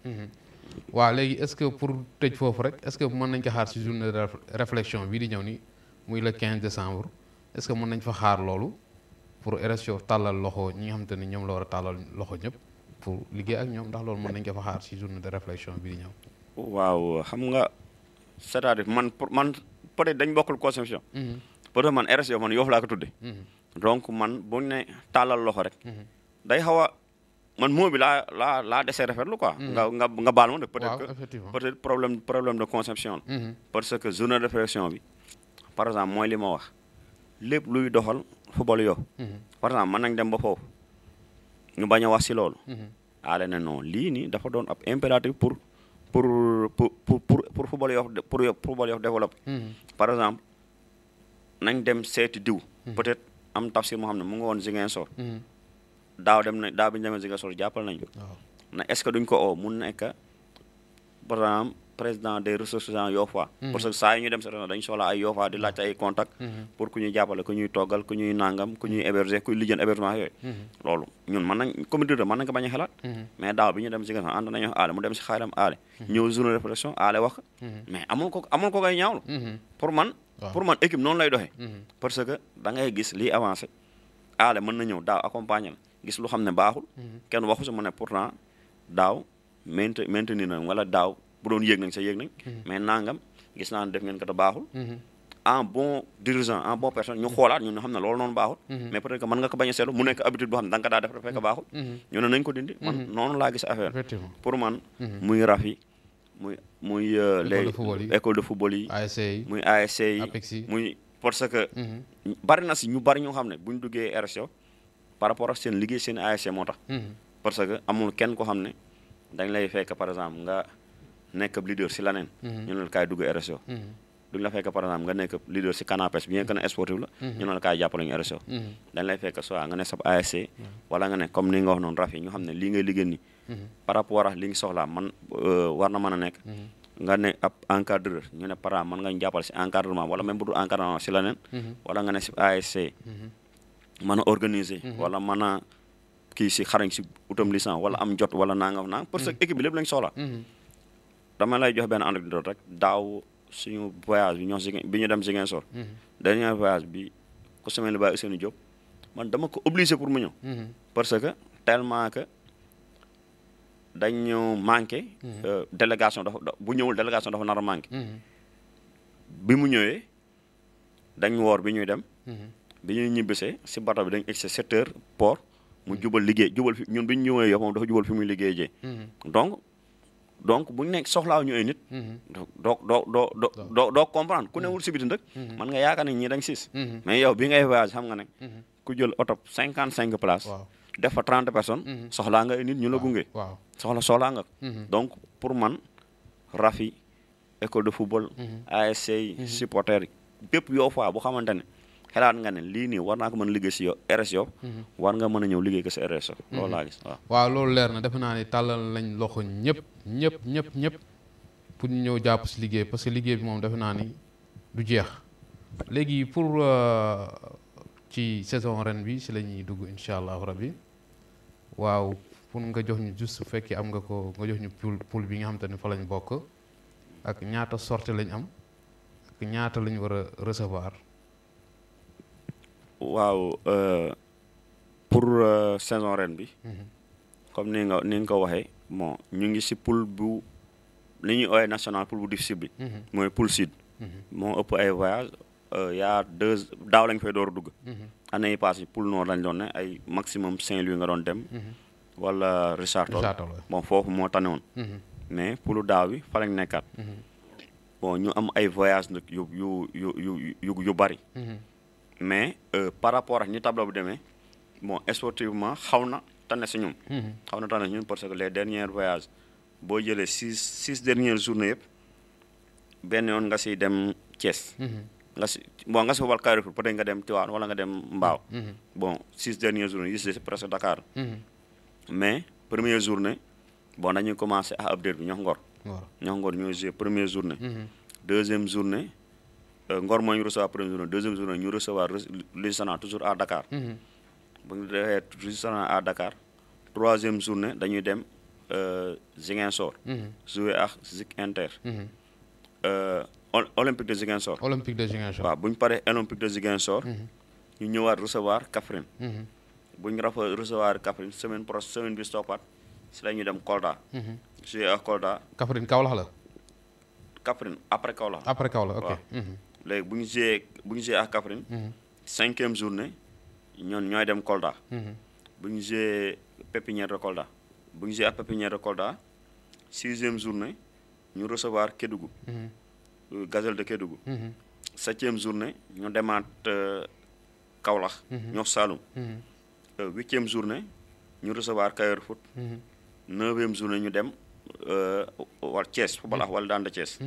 waaw léegi est-ce que pour tëj foofu rek est-ce que mën nañ ko xaar si journée de réflexion bii di ñëw ni muy le 15 décembre est-ce que mën nañ fa xaar loolu pour RSO tàllal loxo ñi nga xam te ne ñoom la war a tàllal loxo ñëpp pour liggéey ak ñoom ndax loolu mën nañ ko fa xaar si journée de réflexion bii di ñëw peut-être dañ bokkul conception. Mm-hmm. peut-être man RSE man Yoff laa ko tudde mm-hmm. donc man bu ñu ne tàllal loxo rek. Mm-hmm. a man moo bi laa laa laa ma de. de conception la. mooy li ma wax luy doxal football Yoff. par exemple mën nañ dem ba foofu ñu bañ a wax si ne non lii dafa doon ab impératif pour. pour pour pour pour pour football Yoff pour football Yoff développe. Mm-hmm. par exemple nañ dem seeti diw. Mm-hmm. peut-être am tafsir moo xam ne mu ngi woon Ziguinchor. Mm-hmm. daaw dem na daaw bi ñu demee Ziguinchor jàppal nañu. Oh. na est-ce que duñ ko oo mun nekk par exemple. président des ressortissants Yofa. Mhm. parce que saa yu ñu dem sa région dañu soxla ay Yofa di laajte ay contact mhm. pour ku ñuy jàppale ku ñuy toggal ku ñuy nangam ku ñuy mhm. héberger ku lijjën hébergement yooyu. loolu ñun mën nañ comité de mën nañ ko bañ a xalaat. mais daaw bi ñu dem si gànnaaw aale mu dem si xaaram aale. ñëw journée de aale wax. mais amul ko amul ko pour man équipe noonu lay doxee. parce que da gis liy avancé aale mën na ñëw daaw accompagner la bu doon yéeg nañ sa yéeg nañ. Mhm. mais nangam gis naa ne def ngeen ko te baaxul. Mhm. en bon dirigeant en bon personne ñu xoolaat ñun ñu xam ne loolu noonu baaxul. Mhm. mais peut-être que nga ko bañ a seetlu mu nekk habitude boo xam ne da nga ko daa bari ñu xam ne bu ñu duggee RSO par rapport ak seen liggéey seen ASC moo tax. parce que amul kenn ko xam ne dañ lay fekk par exemple nekk leader si silanen, mhm. ñu ne la kaay dugg RSO mhm. duñ la fekk par exemple nga nekk leader si canapes bien que ne sportif la mhm. ñu ne la kaay jàppale ñu RSO dañ lay fekk soit nga ne sab ASC wala nga ne comme ni nga wax noonu Rafi ñu xam ne lii ngay liggéey ni par rapport ak li nga soxlaa man euh, war na mën a nekk nga ne ab encadreur ñu ne par man nga ñu si encadrement wala même bu dul encadrement si leneen wala nga ne si ASC mën a organiser wala mën a kii si xarañ si utam licence wala am jot wala nangam nang parce que équipe bi lépp lañ soxla dama lay jox benn anecdote rek daaw suñu voyage bi ñoo si bi ñu dem Ziguinchor. Mhm. dernier voyage bi ku semaine bàyyi Ousseynou Diop man dama ko obligé pour mu ñëw. Mhm. parce que tellement que dañu manqué. Mhm. Euh, délégation dafa bu ñëwul délégation dafa nar a bi mu ñëwee dañ woor bi ñuy dem. bi ñuy ñibbisee si bato bi dañ egg si sept mu jubal liggéey jubal fi ñun bi ñu ñëwee dafa jubal fi muy liggéey jee donc buñ nek nekk soxlaaw ñu ay nit. do do do do do comprendre ku neul mhm. si biti nag. Mhm. man nga yaaka ni ñi dañ siis. Mhm. mais yow bi ngay voyage xam nga nek ku jël auto 55 places. def fa 30 personnes. soxla nga ay nit ñu la gungé soxla soxla nga. donc pour man Rafi école de football. ASC supporter supporters yo fa bu xamantene xelaat nga ne lii nii war naa ko mën a liggéey si yow RSO. Mhm. war nga mën a ñëw liggéey ko si RSO. loolu laa gis mhm. waaw. waaw loolu leer na defe naa ne tàllal lañ loxo ñëpp ñëpp ñëpp ñëpp pour ñu ñëw jàpp si liggéey parce que liggéey bi moom defe naa ni du jeex léegi pour euh, ci saison ren bi si la ñuy dugg incha allahu rabbi waaw pour nga jox ñu juste fekki am nga ko nga jox ñu poul poul bi nga xam te ne fa lañ bokk ak ñaata sorte lañ am ak ñaata lañ war a recevoir. waaw euh, pour euh, saison ren bi. Mhm. comme ni nga ni nga ko waxe bon ñu ngi si poule bu li ñuy ooyee national poule bu difficile bi. Mhm. mooy poule sud. Mhm. moo ëpp ay voyage euh, yaa deux daaw lañ fay door a dugg. année yi passée poule nord lañ doon ne ay maximum Saint-Louis nga doon dem. wala Richard Toll bon foofu moo tane mais poule daaw bi fa lañ nekkaat. bon ñu am ay voyage nag yu yu yu yu yu yu bari. mais euh, par rapport ak ni tableau bu demee bon sportivement xaw na ta tane si ñun. Mhm. xaw na tane si ñun parce que les derniers voyages boo jëlee six six dernières journées yëpp benn yoon nga si dem Thiès. Mhm. nga si bon nga si wal Carrefour peut-être nga dem Tivaouane wala nga dem Mbao mhm. bon six dernières journées yi si presque Dakar. mais première journée bon dañuy commencé à update bi ñox ngor. ñox ngor ñooy joué première journée. deuxième journée. Euh, Ngor moo ñu recevoir première journée deuxième ñu recevoir Lusana toujours a Dakar. Mm-hmm. bu ñu defee Lusana à Dakar troisième journée dañuy dem euh, Ziguinchor. Mm-hmm. jouer ak Zik Inter. Mm-hmm. Euh, Olympique de Ziguinchor. Olympique de Ziguinchor waaw bu ñu paree Olympique de Ziguinchor. ñu ñëwaat recevoir Kaffrine. bu ñu rafa recevoir Kaffrine semaine prochaine semaine bi stoppaat si la ñuy dem Kolda. jouer ak Kolda. Kaffrine Kaolack la. Kaffrine après Kaolack. après Kaolack ok. léegi bu ñu joué bu ñu joué ak Kaffrine. Mhm. cinquième journée ñoon dem Kolda. Mhm. bu ñu joué pépinière de Kolda. bu ñu joué ak pépinière de Kolda sixième journée ñu recevoir Kédougou. Mhm. Euh, Gazelle de Kédougou. septième journée ñu demaat euh, Kaolack. ñoo Saloum. Euh, huitième journée ñu recevoir Kayor Foot. neuvième journée ñu dem war Thiès football wala daan de Thiès.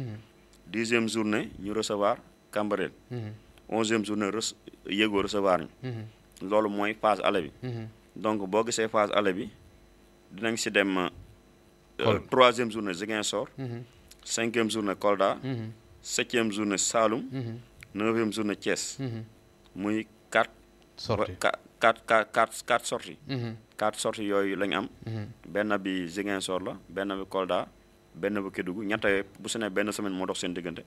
dixième journée ñu recevoir. Cambérène. Mhm. onzième journée res yëgoo recevoir ñu. Mhm. loolu mooy phase aller mhm. donc boo gisee phase aller bi dinañ si dem. Euh, troisième journée Ziguinchor. cinquième journée Kolda. septième journée Saloum. neuvième journée Thiès. muy quatre. sorties ba quatre quatre quatre sorties. quatre sorties yooyu lañ am. benn bi Ziguinchor la benn bi Kolda benn bi Kédougou ñett bu su a benn semaine moo dox seen diggante.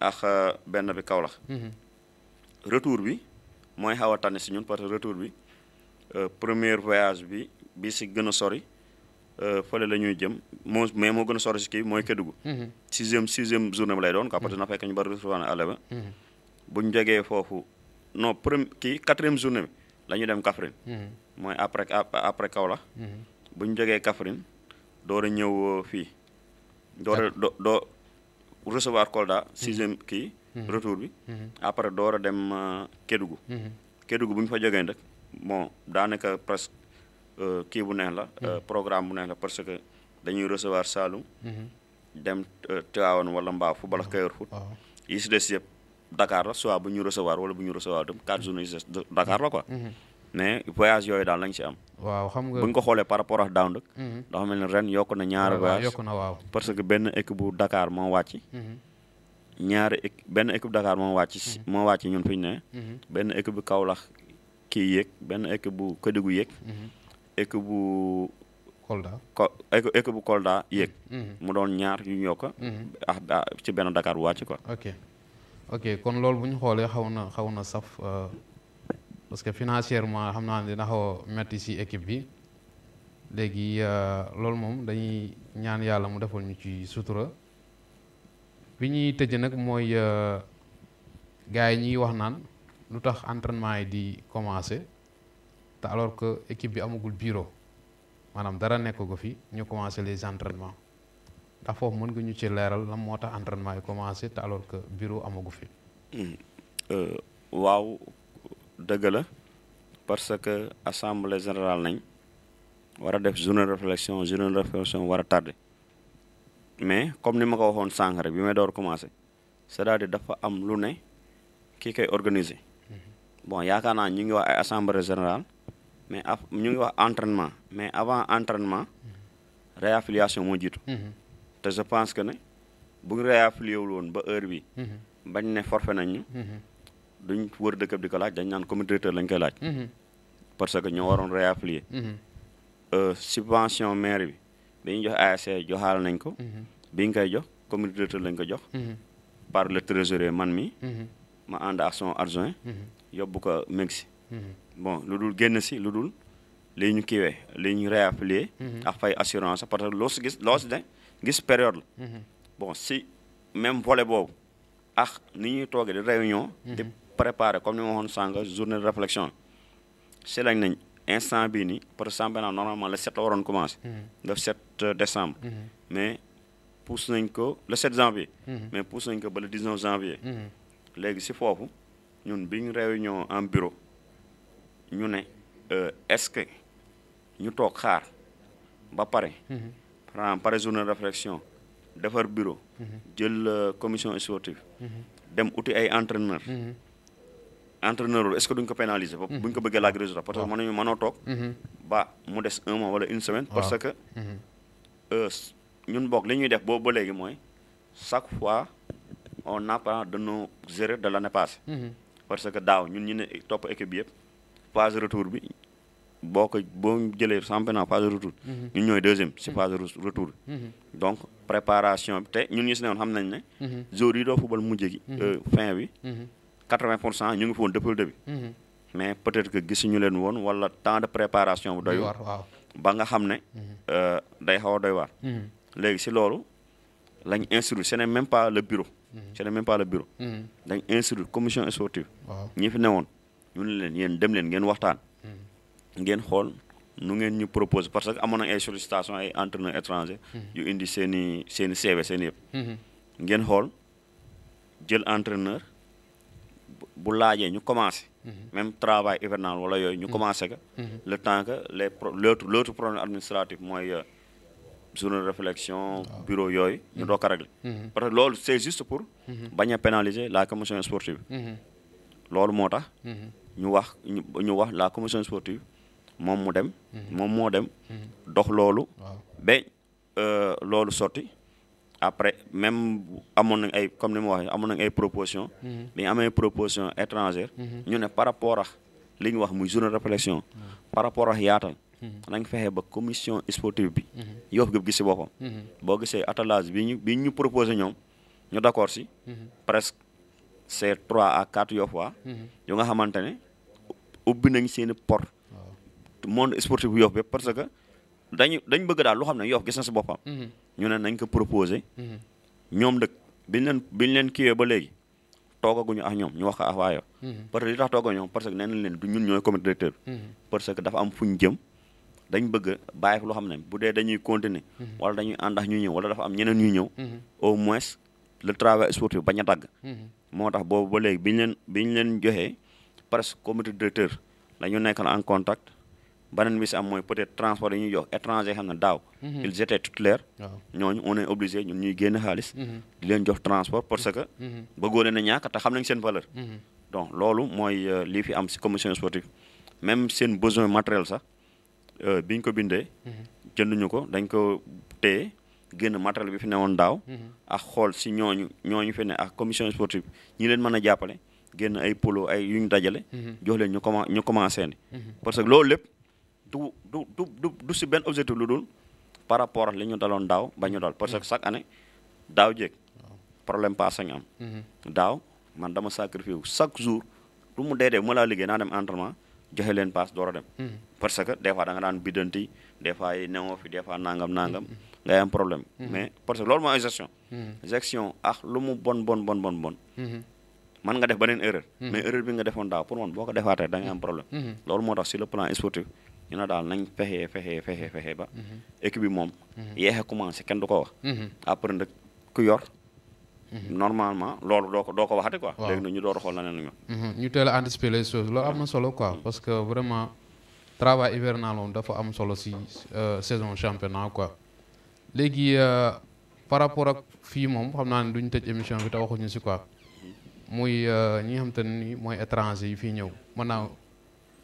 ak eh, benn bi Kaolack. Mhm. retour bi mooy xaw a tane si ñun parce que retour bi eh, premier voyage bi bi si gën a sori eh, fële la ñuy jëm moo mais moo gën a sori si kii mooy Kédougou. Mhm. sixième sixième journée bi lay doon quoi parce que na fekk ñu bari retour na àll ba. Mhm. bu ñu jógee foofu non premier kii quatrième journée bi la ñu dem Kaffrine. mooy après après Kaolack. bu ñu jógee Kaffrine door a ñëw fii. door a do recevoir Kolda mhm. sixième kii mhm. retour bi mhm. après door a dem euh, Kédougou Kédougou bu ñu fa joggé nak bon da naka presque euh ki bu neex la euh, programme bu neex la parce que dañuy recevoir Salou. -hmm. dem euh, Tiawon wala Mba football ak Kayor foot yi si des yeb Dakar la soit bu ñu recevoir wala bu ñu recevoir dem quatre journées Dakar la quoi -hmm. mais voyage yoy dal lañ ci am waaw xam nga bu ñu ko xoolee par rapport ak daaw mhm. nag. mel ni ren yokk na ñaar voyage yokk na waaw parce que benn équipe bu dakaar moo wàcc. Mhm. ñaari équipe benn équipe Dakar moo wàcc. Mhm. moo wàcc ñun fi ñu ne. benn équipe bu Kaolack kii yéeg benn équipe bu Kédougou yéeg. équipe bu. Kolda ko équipe bu Kolda yéeg. mu doon ñaar yu ñu yokk. Ah, ah, ci benn dakaar bu wàcc quoi. ok kon loolu bu ñu xoolee xaw na xaw na saf. Euh, parce que financièrement xam naa ne dina xaw a metti ci équipe bi léegi euh, loolu moom dañuy ñaan yàlla mu defal ñu ci sutura bi ñuy tëje nag mooy euh, gars yi ñuy wax naan lu tax entraînement yi di commencer te alors que équipe bi amagul bureau maanaam dara nekk ko fi ñu commencer les entraînements ndax foofu mën nga ñu ci leeral lan moo tax entraînement yi commencer te alors que bureau amagu fi. Hmm. Euh, waaw. dëgg la parce que assemblée général nañ war a def journée de réflexion journée de réflexion war a tardé mais comme ni ma ko waxoon sànq bi may door commencé c'est-à-dire dafa am lu ne kii koy organiser mm-hmm. bon yaakaar naa ñu ngi wax ay général mais af ñu ngi wax entraînement mais avant entraînement mm-hmm. réaffiliation moo jiitu. Mm-hmm. te je pense que ne bu ñu réaffilié woon ba heure bi bañ ne forfait nañ duñ wër dëkkab di ko laaj dañ naan comité directeur lañ koy laaj. Mhm. parce que ñoo waroon réapplier. Mhm. Euh, subvention maire bi bi ñu jox ASC joxaal nañ ko. Mhm. bi koy jox comité directeur lañ ko jox. par le trésorier man mi. ma ànd ak son adjoint. yóbbu ko meg si. bon lu dul génn si lu dul li ñu kiiwee li ñu réapplier. ak fay assurance parce que loo si gis loo si ne gis période la. bon si même volet boobu ak ni ñuy toogee di réunion. préparer comme nous avons waxoon journée de réflexion là que nous instant bii nii pour sàmbanaa normalement le 7 la waroon commencé. Mhm. le 7 euh, décembre. Mhm. mais pour nañ le 7 janvier. Mhm. mais pour ceux qui ba le 19 janvier. c'est fort. Nous, ñun une réunion en bureau nous ne euh, est-ce que ñu toog xaar ba pare. par journée de réflexion le bureau. de euh, la commission sportive. dem uti ay entraîneur entraîneur est-ce que duñ ko pénaliser. Mhm. buñ ko bëggee laaj résultat parce que mën nañu mënoo toog. Mhm. ba mu des un mois une semaine. parce que mhm. euh, ñun boog li ñuy def boo ba léegi mooy chaque fois on apprend de nos erreurs de l'année passée. parce que daaw ñun ñu ne topp équipe bi yëpp phase retour bi boo ko boo jëlee championnat phase retour. ñun ñooy deuxième si phase retour donc préparation bi te ñun ñu si ne woon xam nañ ne. jour yi doo football mujj gi euh, 80 pour cent ñu ngi fi woon depuis le début. Mhm. mais peut-être que gisuñu leen woon wala temps de préparation bu doy waar ba nga xam ne mhm. euh, day xaw a doy waar mhm. léegi si loolu lañ instruire ce n'est même pas le bureau ce n'est même pas le bureau dañ instruire commission sportive ñi fi woon ñu ne leen yéen dem leen ngeen waxtaan ngeen xool nu ngeen ñu propose parce que amoon nañ ay sollicitation ay entraîneurs étrangers yu indi seen i seen i CV seen i yëpp ngeen xool jël entraîneur bu laajee ñu commencé. Mhm. même travail hivernal wala yooyu ñu mhm. commencé que. Mhm. le temps que les pro l' autre l' autre problème administratif mooy journée euh, de réflexion. bureau yooyu ñu doo a réglé. parce que loolu c' est juste pour. bañ a pénaliser la commission sportive. loolu moo tax. ñu wax ñu wax la commission sportive moom mu dem. moom moo dem. dox loolu. ba euh, loolu sotti. après même amoon nañ ay comme ni ma waxee amoon nañ ay mhm. proposition bi mhm. ñu ne par rapport ak li ñu wax muy journée de réflexion mhm. par rapport ak yaatal nañ fexe ba commission sportive bi Yoff Gëpp gis si boppam boo gisee attelage bi ñu bi ñu proposé ñoom ñu d'accord si presque c'est trois à quatre Yoff waa yu nga xamante ne ubbi nañ seen i port monde sportif bu Yoff bépp parce que dañu dañ bëgg daal loo xam ne Yoff gis sa si boppam ñu ne nañ ko proposé. Mhm. ñoom dëkk biñ leen biñ leen kiiwee ba léegi toogaguñu ak ñoom ñu wax ko ak waa yow. Mhm. parce que li tax tooga ñoom parce que nee nañ leen du ñun ñooy comité directeur. Mhm. parce que dafa am fu ñu jëm. dañ bëgg bàyyi loo xam ne bu dee dañuy continuer wala dañuy ànd ak ñu ñëw wala dafa am ñeneen ñu ñëw au moins le travail sportif bañ a dagg moo tax boobu ba léegi biñu leen biñu leen joxee presque comité directeur la ñu en contact beneen bi si am mooy peut-être transport yi ñuy jox étranger xam ne daaw. Mhm. ils étaient tutélaires. ñooñu on est obligé ñun génn xaalis. Mhm. di leen jox transport parce que. Mhm. bëggoo leen a ñàkk te xam nañ seen valeur. donc loolu mooy euh, lii fi am si commission sportive même seen besoin matériel sax euh, biñ ko bindee. jënduñu ko dañ ko téye génn matériel bi fi newoon daaw. ak xool si ñooñu ñooñu fi ne ak commission sportive ñi leen mën a jàppale génn ay polo ay yu ñu dajale. jox ñu commencé ñu commencé parce que loolu lépp. du du du du du si benn objectif lu dul par rapport li ñu daloon daw ba ñu dal parce que chaque année daw jek problème pas ñu am mhm. daw man dama sacrifier chaque jour lu mu dédé dee mu laa liggéey dem entraînement joxe len passe door dem mhm. parce que des fois da nga daan biddanti des fois néwo fi des fois nangam nangam mhm. nga am problème mais parce que lool mo gestion gestion ah lu mu bon bon bon bon bon man nga def benen erreur mais erreur bi nga defoon daaw pour man boko defate da nga am problème loolu motax sur le plan sportif ñu na daal nañ fexe fexe fexe mm-hmm. fexe ba. Mm-hmm. équipe bi moom. Mm-hmm. yeex a commencé kenn du ko wax. après nag ku yor. normalement loolu doo ko doo ko waxati quoi. waaw léegi nag ñu door a xool na ne ñu teel a anticiper les choses loolu am na solo quoi parce que vraiment travail hivernal moom dafa am solo si euh, saison championnat quoi. léegi euh, par rapport ak fii moom xam naa ne duñ tëj émission bi te waxuñu si quoi muy euh, ñi nga xam te ne nii mooy étranger yi fii ñëw mën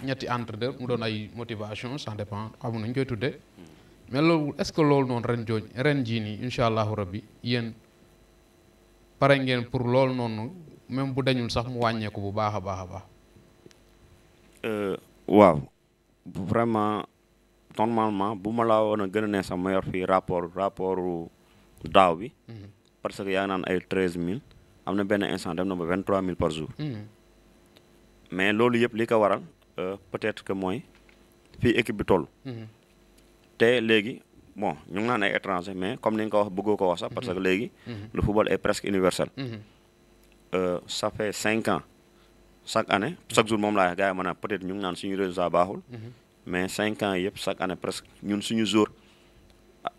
ñetti entre deux mu doon ay motivation ça dépend xamu nañ koy tuddee mais loolu est que loolu noonu ren jooju ren jii nii incha allahu rabbi yéen pare ngeen pour loolu noonu même bu dañul sax mu wàññeeku bu baax a baax a baax. Euh, waaw vraiment normalement bu ma laa woon a gën ne sax ma yor fii rapport rapportu daaw bi. Mhm. parce que yaa naan ay treize mille am na benn instant dem na ba vingt mille par mhm. mais loolu yëpp lii ko waral. Euh, peut-être que mooy fii équipe bi tol mhm. te léegi bon ñu ngi naan ay étranger mais comme ni nga ko wax bëggoo ko wax sax. parce que mhm. léegi. Mhm. le football est presque universel. sa euh, fait cinq ans chaque année chaque jour moom laa gars yi maanaam peut-être ñu ngi naan suñu résultat baaxul. mais cinq ans yëpp chaque année presque ñun ñu jour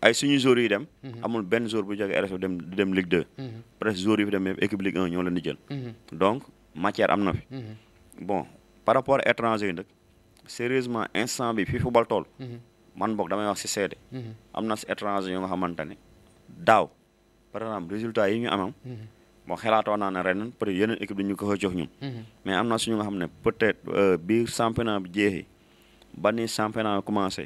ay suñu jour yi dem. amul benn jour bu jógee RSF dem dem Ligue 2. presque jour yi fi dem équipe Ligue 1 ñoo la di jël. donc matière am na fi. bon par rapport étranger yi nag sérieusement instant bi fii football tool. Mhm. man boog damay wax si seede. Mhm. am na si étranger yu nga xamante ne daaw par exemple résultat yi ñu amam. moo mhm. xelaatoon naa ne ren peut être yeneen équipe dañu ko xëccoog ñun. mais am na ñu nga xam ne peut être euh, biir championnat bi jeexee ba ni championnat bi commencé.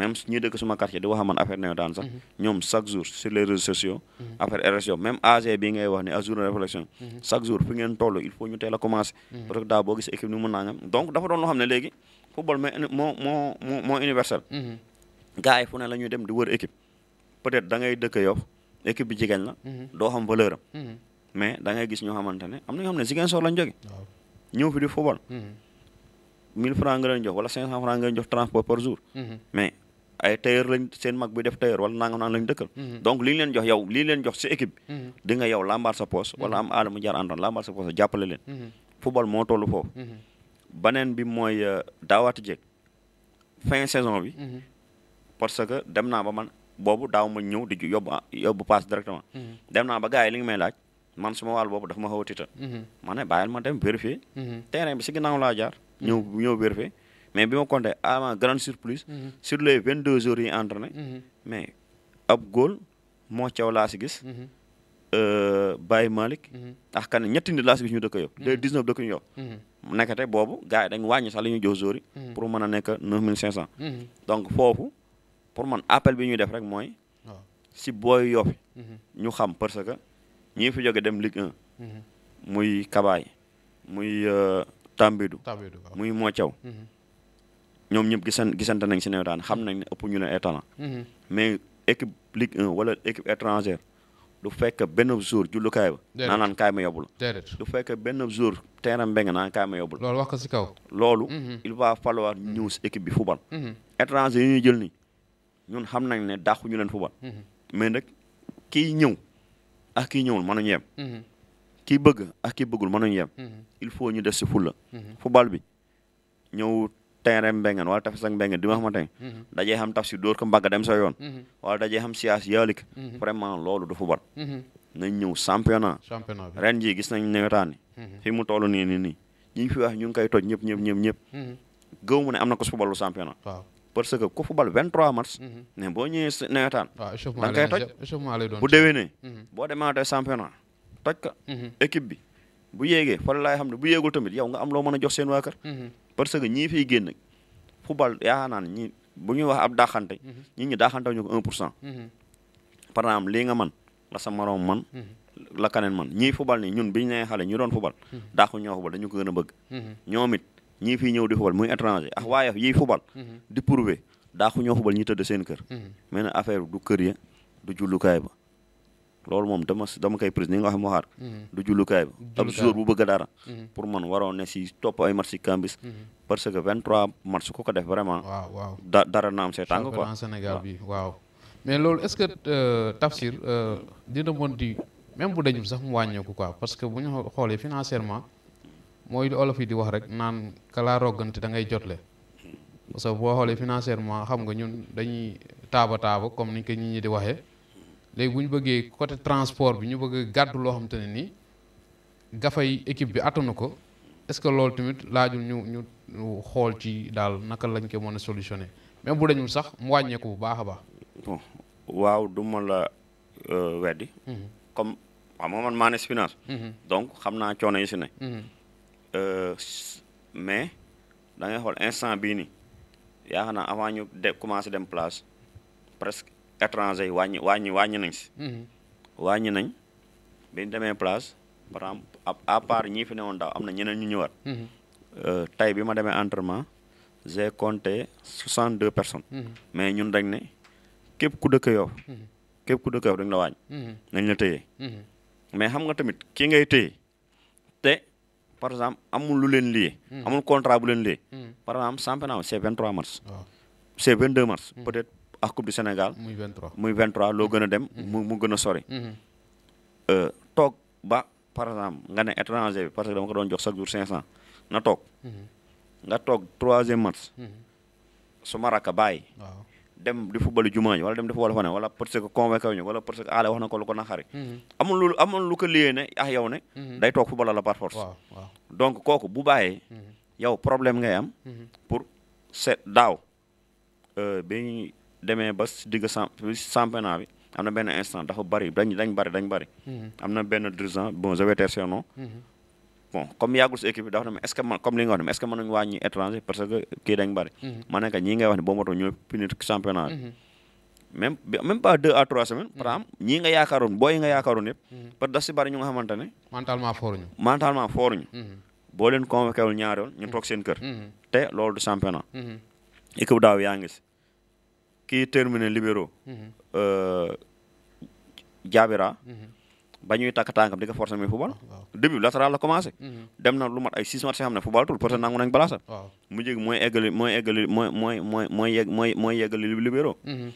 même ñi dëkk suma quartier di wax man affaire nawetaan sax mhm. ñoom chaque jour sur les réseaux sociaux mhm. affaire RSO même AG bi ngay wax ne à jour de réflexion mhm. chaque jour fi ngeen toll il faut ñu teel a daa boo gis équipe ni mën naangam donc dafa doon loo xam ne léegi football moo moo moo fu ne la ñuy dem di wër équipe peut-être da dëkk yow équipe jigéen la doo xam valeur am mais gis ñoo xam ne Ziguinchor lañ jóge ñëw fi ay tailleur lañ seen mag bi def tailleur wala nangam naan lañ dëkkal mhm. donc li ñu leen jox yow li ñu leen jox si équipe bi mhm. di nga yow lambaar sa poos wala mhm. jaar àndoon lambaar sa poos a jàppale leen football moo toll foofu baneen bi mooy euh, daawaati jeeg fin saison bi parce que dem naa ba man boobu daaw ma ñëw di yóbbu yóbbu passe directement dem naa ba gars yi li ngi may laaj man suma wàll boobu dafa ma xaw a tiital ma ne bàyyil ma dem vérifier terrain bi si ginnaaw laa mais bi ma compté à ma grande surprise. Mm-hmm. sur les vingt deux jours yi entraîné. Mm-hmm. mais ab góol moo caw laa si gis. Mm-hmm. Euh, Baye Malick. ndax kan ñetti nit laa si gis ñu dëkk yow. deux dix neuf dëkk ñu yow. mu nekkate boobu gars yi dañ wàññi sax li ñuy jox jours pour mën a nekk neuf mille donc foofu pour man appel bi ñuy def rek mooy. Ah. si booy Yoff ñu xam parce que ñii fi jóge dem Ligue 1. muy Kabaay muy euh, Tambidou. muy Mocaw. ñoom ñëpp gisan gisante nañ si nawetaan xam nañ ne ëpp ñu ne ay talent mhm. mais équipe Ligue 1 wala équipe étrangère du fekk benn jour jullukaay ba naa naan kaay ma yóbbu la du fekk benn jour terrain mbeng naan kaay ma yóbbu la loolu wax ko si kaw loolu mhm. il va falloir ñëw si mhm. équipe bi football étranger yi ñuy jël nii ñun xam nañ ne dàqu ñu leen football mais nag kii ñëw ak kii ñëwul mënuñu yem kii bëgg ak kii bëggul mënuñu yem il faut ñu des si fulla football terrain mbengen wala tafes ak mbengen dimanche matin mhm. dajee xam tafsir dóor ko mbagg dem sa yoon mhm. wala dajee xam siyaas yaalik mhm. vraiment loolu du football nañ ñëw championnat ren jii gis newetaani fi mu toll nii ñi fi wax ñu ngi toj ñëpp ñëpp ñëpp ñëpp mu ne am na ko su footballu championnat parce que ku football 23 mars ne boo ñëwee nawetaan da nga koy toj bu déwénee boo demaatee championnat toj ka équipe bi bu yéegee fa laay xam ne bu yéegul tamit yow nga am loo mën a jox parce que ñii fi génn football yaakaar naa ne bu ñuy wax ab daaxante mhm. ñi ñu daaxante ñu ko un pour cent mhm. par exemple lii nga man la sa man mhm. la kaneen man ñii football nii ñun bi nee xale ñu doon football daaxu ñoo football dañu ko gën a bëgg ñoom it ñii fii ñëw di football muy étranger ak waaye yiy football di prouver daaxu ñoo football ñi tëdd seen kër mais nag affaire du kër ya du jullukaay ba loolu mom dama dama kay prise ni nga xam mhm. waxaat du jullukaay ba ab jour bu bëgg dara pour man waro ne ci top ay match si Kambis parce que 23 match ko ko def vraiment waaw waaw dara na am see tang quoi Sénégal bi waaw mais loolu est-ce que eh, Tafsir eh, dina mon di même bu dañu sax mu wàññeeku quoi parce que buñu xolé financièrement moy di olof yi di wax rek naan kalaa roggante da ngay jotlé parce que bo xolé financièrement xam nga ñun dañuy taba taba comme ni ko ñi di waxé léegi bu ñu bëggee côté transport bi ñu bëgg gàddu loo xam te ne nii gafay équipe bi attanu ko est-ce que loolu tamit laajul ñu ñu xool ci daal naka lañ ko mën a solutionné même bu dañul sax mu wàññeeku bu baax a baax. bon waaw du ma la euh, weddi. Mhm. comme xam nga finance. donc xam naa coono yi si ne. Mhm. Euh, mais da xool instant bii nii yaakaar naa avant ñu de commencé dem place presque. étranger yi wàññi wàññi wàññi nañ si. Mhm. wàññi nañ bi ñu demee place par exemple à part ñii fi daaw am na ñeneen ñu ñëwaat. Mhm. Euh, tey bi ma demee entraînement j'ai compté soixante deux personnes. Mhm. mais ñun dañ ne képp ku dëkk yow. képp ku dëkk yow dañ la wàññ nañ la téye. mais xam nga tamit ki ngay téye te par exemple amul lu leen lié. amul contrat bu leen lié. par exemple championnat c'est vingt trois mars. c'est vingt deux mars peut-être. ak coupe du Sénégal. muy 23 muy 23 loo gën a dem. mu gën a sori. Mm-hmm. Euh, toog ba par exemple nga ne étranger bi parce que dama ko doon jox chaque jour 500 na toog. Mm-hmm. nga toog troisième match. Mm-hmm. su ma rakk bàyyi. dem di football jumaa ju wala dem di football fa ne wala parce que a ñu wala parce que aale wax na ko lu ko naxari. amul lu lu ko liyee ne ah ne. day toog football la par donc kooku bu bàyyee. yow problème ngay am. pour seet daaw. Euh, demee ba digg championnat bi am na benn instant dafa bari mm-hmm. bon je vais mm-hmm. bon comme yàggul si équipe dafa ne est ce que man comme li nga wax parce que dañ bari. Mm-hmm. ma ne ñii ngay wax ne boo moto ñooy punir championnat bi. même même pas deux à nga yaakaaroon booy yëpp. daf si bari ñu nga xamante ne. mentalement fooruñu. mentalement fooruñu. boo leen wul ñu toog seen kër. te loolu du championnat. équipe daaw yaa ngi kii terminé libéraux. Euh, Jaabira. ba ñuy takk tànkam di ko forcer muy football. waaw début latéral la commencé. Mhm. dem na lu mat ay six match yoo xam ne football tul parce que nangu nañ balaa mu jég mooy eggali mooy eggali mooy mooy mooy mooy yegg mooy mooy yeggali libéraux. Mhm.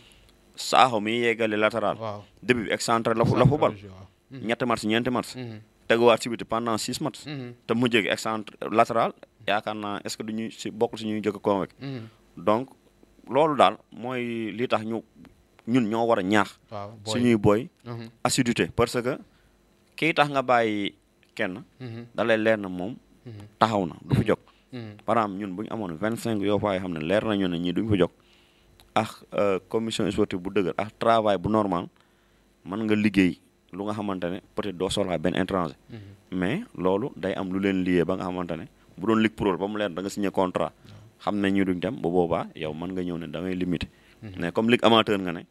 saaxo mi yeggali latéral. waaw début excentré la la football. Mhm. ñetti match ñeenti match. teguwaat si pendant six mat te mu jég excentré latéral yaakaar naa est ce que du ñuy si bokkul si ñuy jóg convoqué. donc. loolu daal mooy li tax ñu ñun ñoo war a ñaax. ñuy boy mhm. assiduité parce que kii tax nga bàyyi kenn. Mhm. da lay leer na moom. Mhm. taxaw na du fi jóg. par exemple ñun bu ñu amoon vingt cinq yoo faa xam ne leer na nañu ne ñii duñ fa jóg. ah commission sportive bu dëgër ak travail bu normal mën nga liggéey lu nga xamante ne peut-être doo soxlaa benn étranger. mais loolu day am lu leen lié ba nga xamante ne bu doon ligue pro ba mu leer da nga signé contrat. xam ne ñu duñ dem ba boobaa yow mën nga ñëw ne da ngay mhm. mais comme ligue amateur nga ne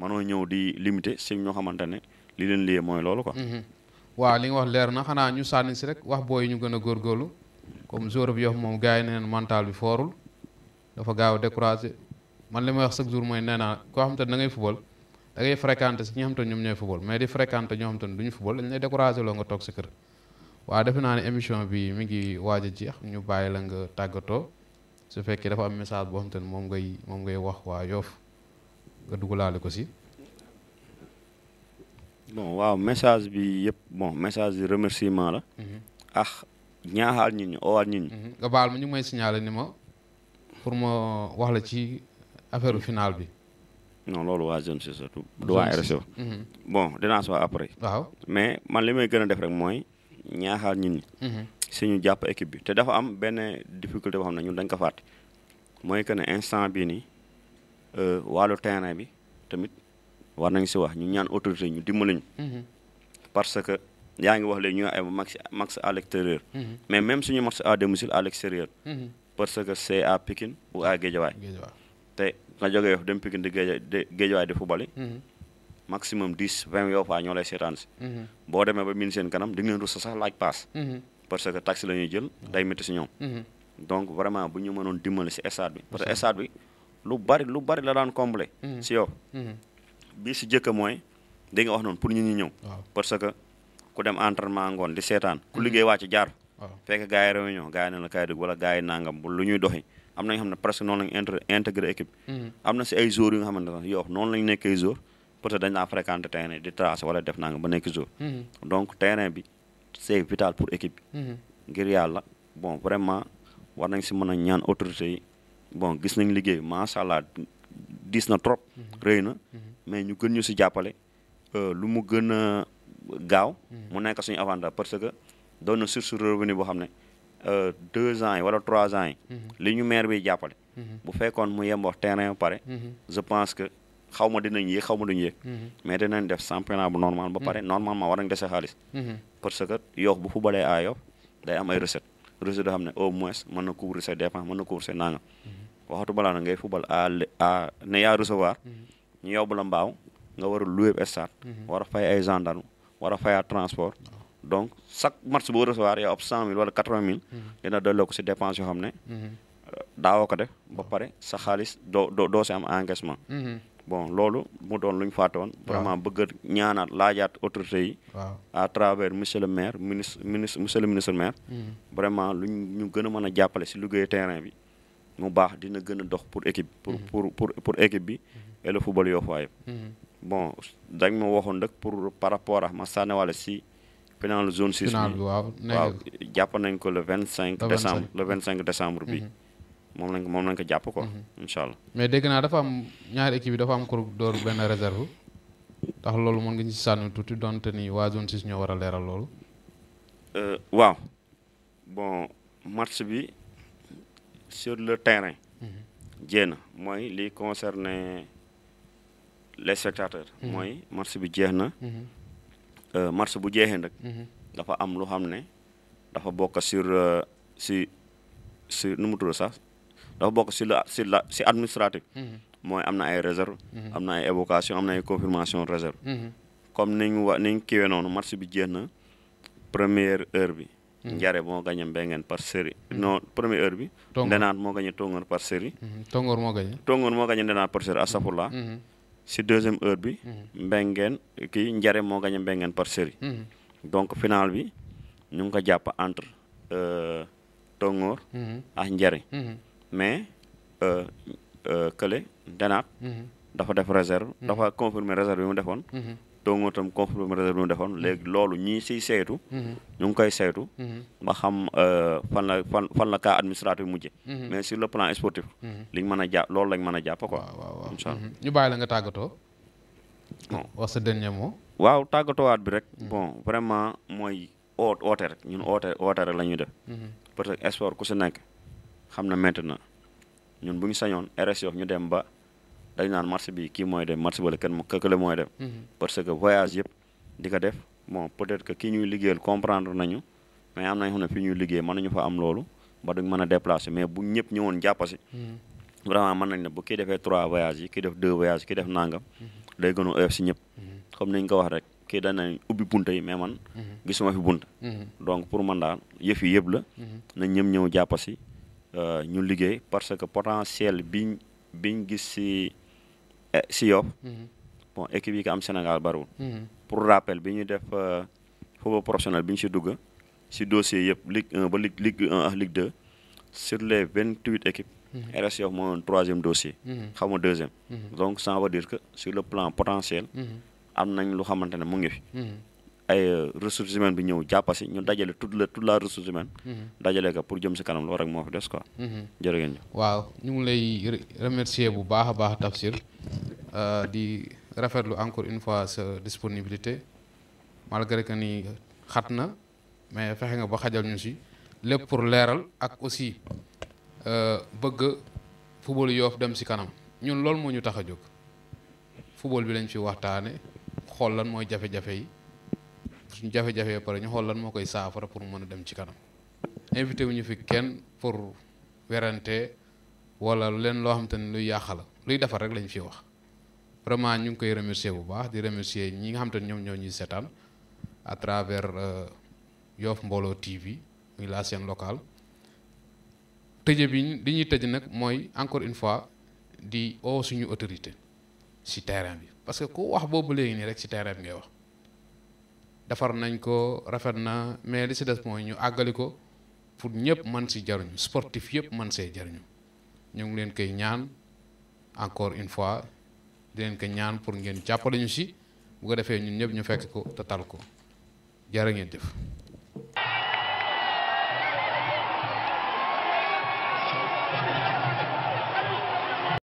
mënoo ñëw di limité si ñoo xamante ne li leen liyee mooy loolu ko mhm. waaw li nga wax leer na xanaa ñu sànni si rek wax booy ñu gën a góorgóorlu comme joueur bi yof moom gars yi neen mental bi foorul dafa gaaw a découragé man li may wax chaque jour mooy nee naa koo xam te ne ngay football da ngay fréquenté si ñi xam te ne ñoom ñooy football mais di fréquenté ñoo xam te ne ñu football dañ lay découragé loo nga toog sa kër. waa defe naa ne émission bi mi ngi waaj a jeex ñu bàyyi la nga tàggatoo. su fekkee dafa am message boo xam te ne moom ngay moom ngay wax waa Yoff nga dugalaale ko si. bon waaw message bi yëpp bon message bi remerciement la. Mhm. ah ñaaxaal nit ñi owaal nit ñi. Mhm. nga baal ma ñu ngi may signaler ni ma pour ma wax la ci affaire finale bi. non loolu waa zone mhm. si surtout. du waa RSO. soo après. waaw mais man li may gën a def rek mooy ñaaxaal nit ñi. suñu jàpp équipe bi te dafa am benn difficulté boo xam ne ñun dañ ko fàtte mooy que ne instant bii nii euh, wàllu terrain bi tamit war nañ si wax ñu ñaan autorité ñu dimbali ñu mm-hmm. parce que yaa ngi wax léegi ñu ay max max à l'extérieur mm-hmm. mais même suñu match à domicile à l'extérieur mm-hmm. parce que c'est à Pikine ou à Guédiawaye te nga jógee yow dem Pikine di Guédiawaye di football maximum dix vingt yoo faa ñoo lay seetaan si boo demee ba min seen kanam di ngeen rus sax laaj paas parce que taxi la ñuy jël day métti si ñoom. Mhm. donc vraiment bu ñu mënoon dimbali si stade bi. parce que mhm. stade bi lu bari lu bari la daan combler. Mhm. si yow. bi si jëkk mooy di nga wax noonu pour ñu ñu ñëw. parce que ku dem entraînement ngoon di seetaan ku liggéey wàcc jaar. fekk gars yi réunion gars yi la kaay dugg wala gars nangam bu lu ñuy doxi am na ñoo xam ne presque noonu lañ inter intégré am na si ay joueurs yu nga xamante ne yow noonu lañ nekkee joueur peut-être dañ laa fréquenté terrain di tracer wala def nangam ba c'est vital pour équipe bi. Mm-hmm. ngir yàlla bon vraiment war nañ si mën a ñaan autorités yi bon gis nañ liggéey macha allah diis na trop. Mm-hmm. rëy na mm-hmm. mais ñu gën ñu si jàppale euh, lu mu gën a gaaw. mu nekk suñu avantage parce que doon na source de revenu boo xam ne euh, deux ans yi wala trois ans yi. li ñu maire bi jàppale. bu fekkoon mu yem wax pare. je pense que. xaw ma dinañ yéeg xaw ma duñ yéeg mhm. mais dinañ def championnat bu normal ba pare mhm. normalement war nañ dese xaalis mhm. parce que yoox bu fubalee a yow day am ay recette recette yoo xam ne au moins mën na couvrir ses dépenses la mbaaw nga war a a a fayaat transport oh. donc chaque match boo recevoir yow ab cent mille wala quatre vingt mille dina delloo ko si xam ne daawoo ko def ba oh. pare sa xaalis doo doo am engagement bon loolu mu doon lu ñu fàttewoon vraiment bëgg a ñaanaat laajaat autorité yi à travers monsieur le maire ministre ministre monsieur le ministre maire hmm. vraiment lu ñu gën a mën a jàppale si liggéey terrain bi mu baax dina gën a dox pour équipe pour hmm. pour pour pour équipe bi hmm. et le football Yoff yëpp bon dañ ma waxoon rek pour par rapport ak ma sànniwaale si final zone six bi waaw jàpp nañ ko le vingt cinq décembre le vingt cinq décembre bi moom lañ ko moom lañ ko jàpp ko mhm. incha allah mais dégg naa dafa am ñaari équipe yi dafa am kur door benn réserve ndax loolu mën nga ñu si sànni tuuti donte ni waa zone 6 ñoo war a leeral loolu. Euh, waaw bon match bi sur le terrain. Mhm. jee na mooy li concerne les spectateurs. Mhm. mooy match bi jeex na. Euh, match bu jeexee nag. dafa am lu xam ne dafa bokk sur euh, si si nu mu sax. dafa bokk si sila si administratif. Mhm. mooy amna na ay réserve. Mhm. am na ay évocation am na ay confirmation réserve. Mhm. comme niñ wa ni ñu noonu match bi jeex na première heure bi. Njare moo gagné Mbengen par série. non première heure bi. Ndenaat moo gagné tongor par série. tongor moo gagné. tongor moo gagné Ndenaat par série astafurla. si deuxième heure bi. Mbengen ki Njare moo gagné Mbengen par série. donc final bi ñu ngi ko jàpp entre euh, tongor ak Njare. mais kële euh, euh, denaat mm-hmm. dafa def réserve mm-hmm. dafa confirmer réserve bi mu defoon mm-hmm. donc tam confirmer réserve bi mu defoon léegi loolu ñii siy saytu ñu ngi koy saytu ba xam euh, fan la fan fan la cas administratif mujje mais sur le plan sportif liñ mën a jàpp loolu lañ mën a jàpp ko incha allah ñu bàyyi la nga tàggatoo bon wax sa dernier mot waaw bi rek bon vraiment mooy oo oote ñun oote oote rek la ñuy def parce que sport ku si xam na maintenant ñun bu ñu sañoon RS Yoff ñu dem ba dañu naan marché bi kii mooy dem marché bala kenn mu këkkale mooy dem. Mm-hmm. parce que voyage yëpp di ko def bon peut-être que ñuy liggéeyal comprendre nañu mais am nañu xam ne fi ñuy liggéey mën nañu fa am loolu ba duñ mën a déplacer mais bu ñëpp ñëwoon jàppasi. Mm-hmm. vraiment mën nañ ne bu kii defee trois voyages yi kii def deux voyages kii def nangam. Mm-hmm. day gën a oyof si ñëpp. comme niñ ko wax rek kii danañ ubbi bunta yi mais Euh, ñu liggéey parce que potentiel biñ biñ gis si si eh, Yoff mhm. bon équipe yi ko am Sénégal bariwul mhm. pour rappel bi ñu def euh, football professionnel bi ñu si dugg si dossier yëpp Ligue ba Ligue Ligue 1 ak Ligue 2 sur les vingt huit équipes mhm. RS Yoff moo doon troisième dossier deuxième donc ça veut dire que sur le plan potentiel am nañ lu xamante ne mu ngi fi ay euh, ressources bi ñëw jàppa si ñu dajale tout la tout la ressource humaine mhm. dajale ko pour jëm si kanam loolu rek moo fi des ko mhm. jërë ngeen waaw ñu ngi lay remercier bu baax a baax Tafsir euh, di rafetlu encore une fois sa disponibilité malgré que ni xat na mais fexe nga ba xajal ñu si lépp pour leeral ak aussi euh, bëgg football Yoff dem si kanam ñun loolu moo ñu tax a jóg football bi lañ fi waxtaane xool lan mooy jafe-jafe yi suñ jafe-jafe pare ñu xool lan moo koy saafara pour mën a dem ci kanam invité wu ñu fi kenn pour werante wala leen loo xam te ne luy yàq la luy defar rek lañ fi wax vraiment ñu ngi koy remercier bu baax di remercier ñi nga xam te ñoom ñoo ñuy seetaan à travers euh, Yoff Mbollo TV muy la seen locale tëje bi li ñuy tëj nag mooy encore une fois di suñu autorité ci terrain bi parce que ku wax boobu léegi nii rek ci terrain bi ngay wax defar nañ ko rafet na mais li si des mooy ñu àggali ko pour ñëpp man si jariñu sportif yëpp man see jariñu ñu ngi leen koy ñaan encore une fois di leen ko ñaan pour ngeen jàppale ñu si bu ko defee ñu ñëpp ñu fekk ko te tal ko jërë ngeen def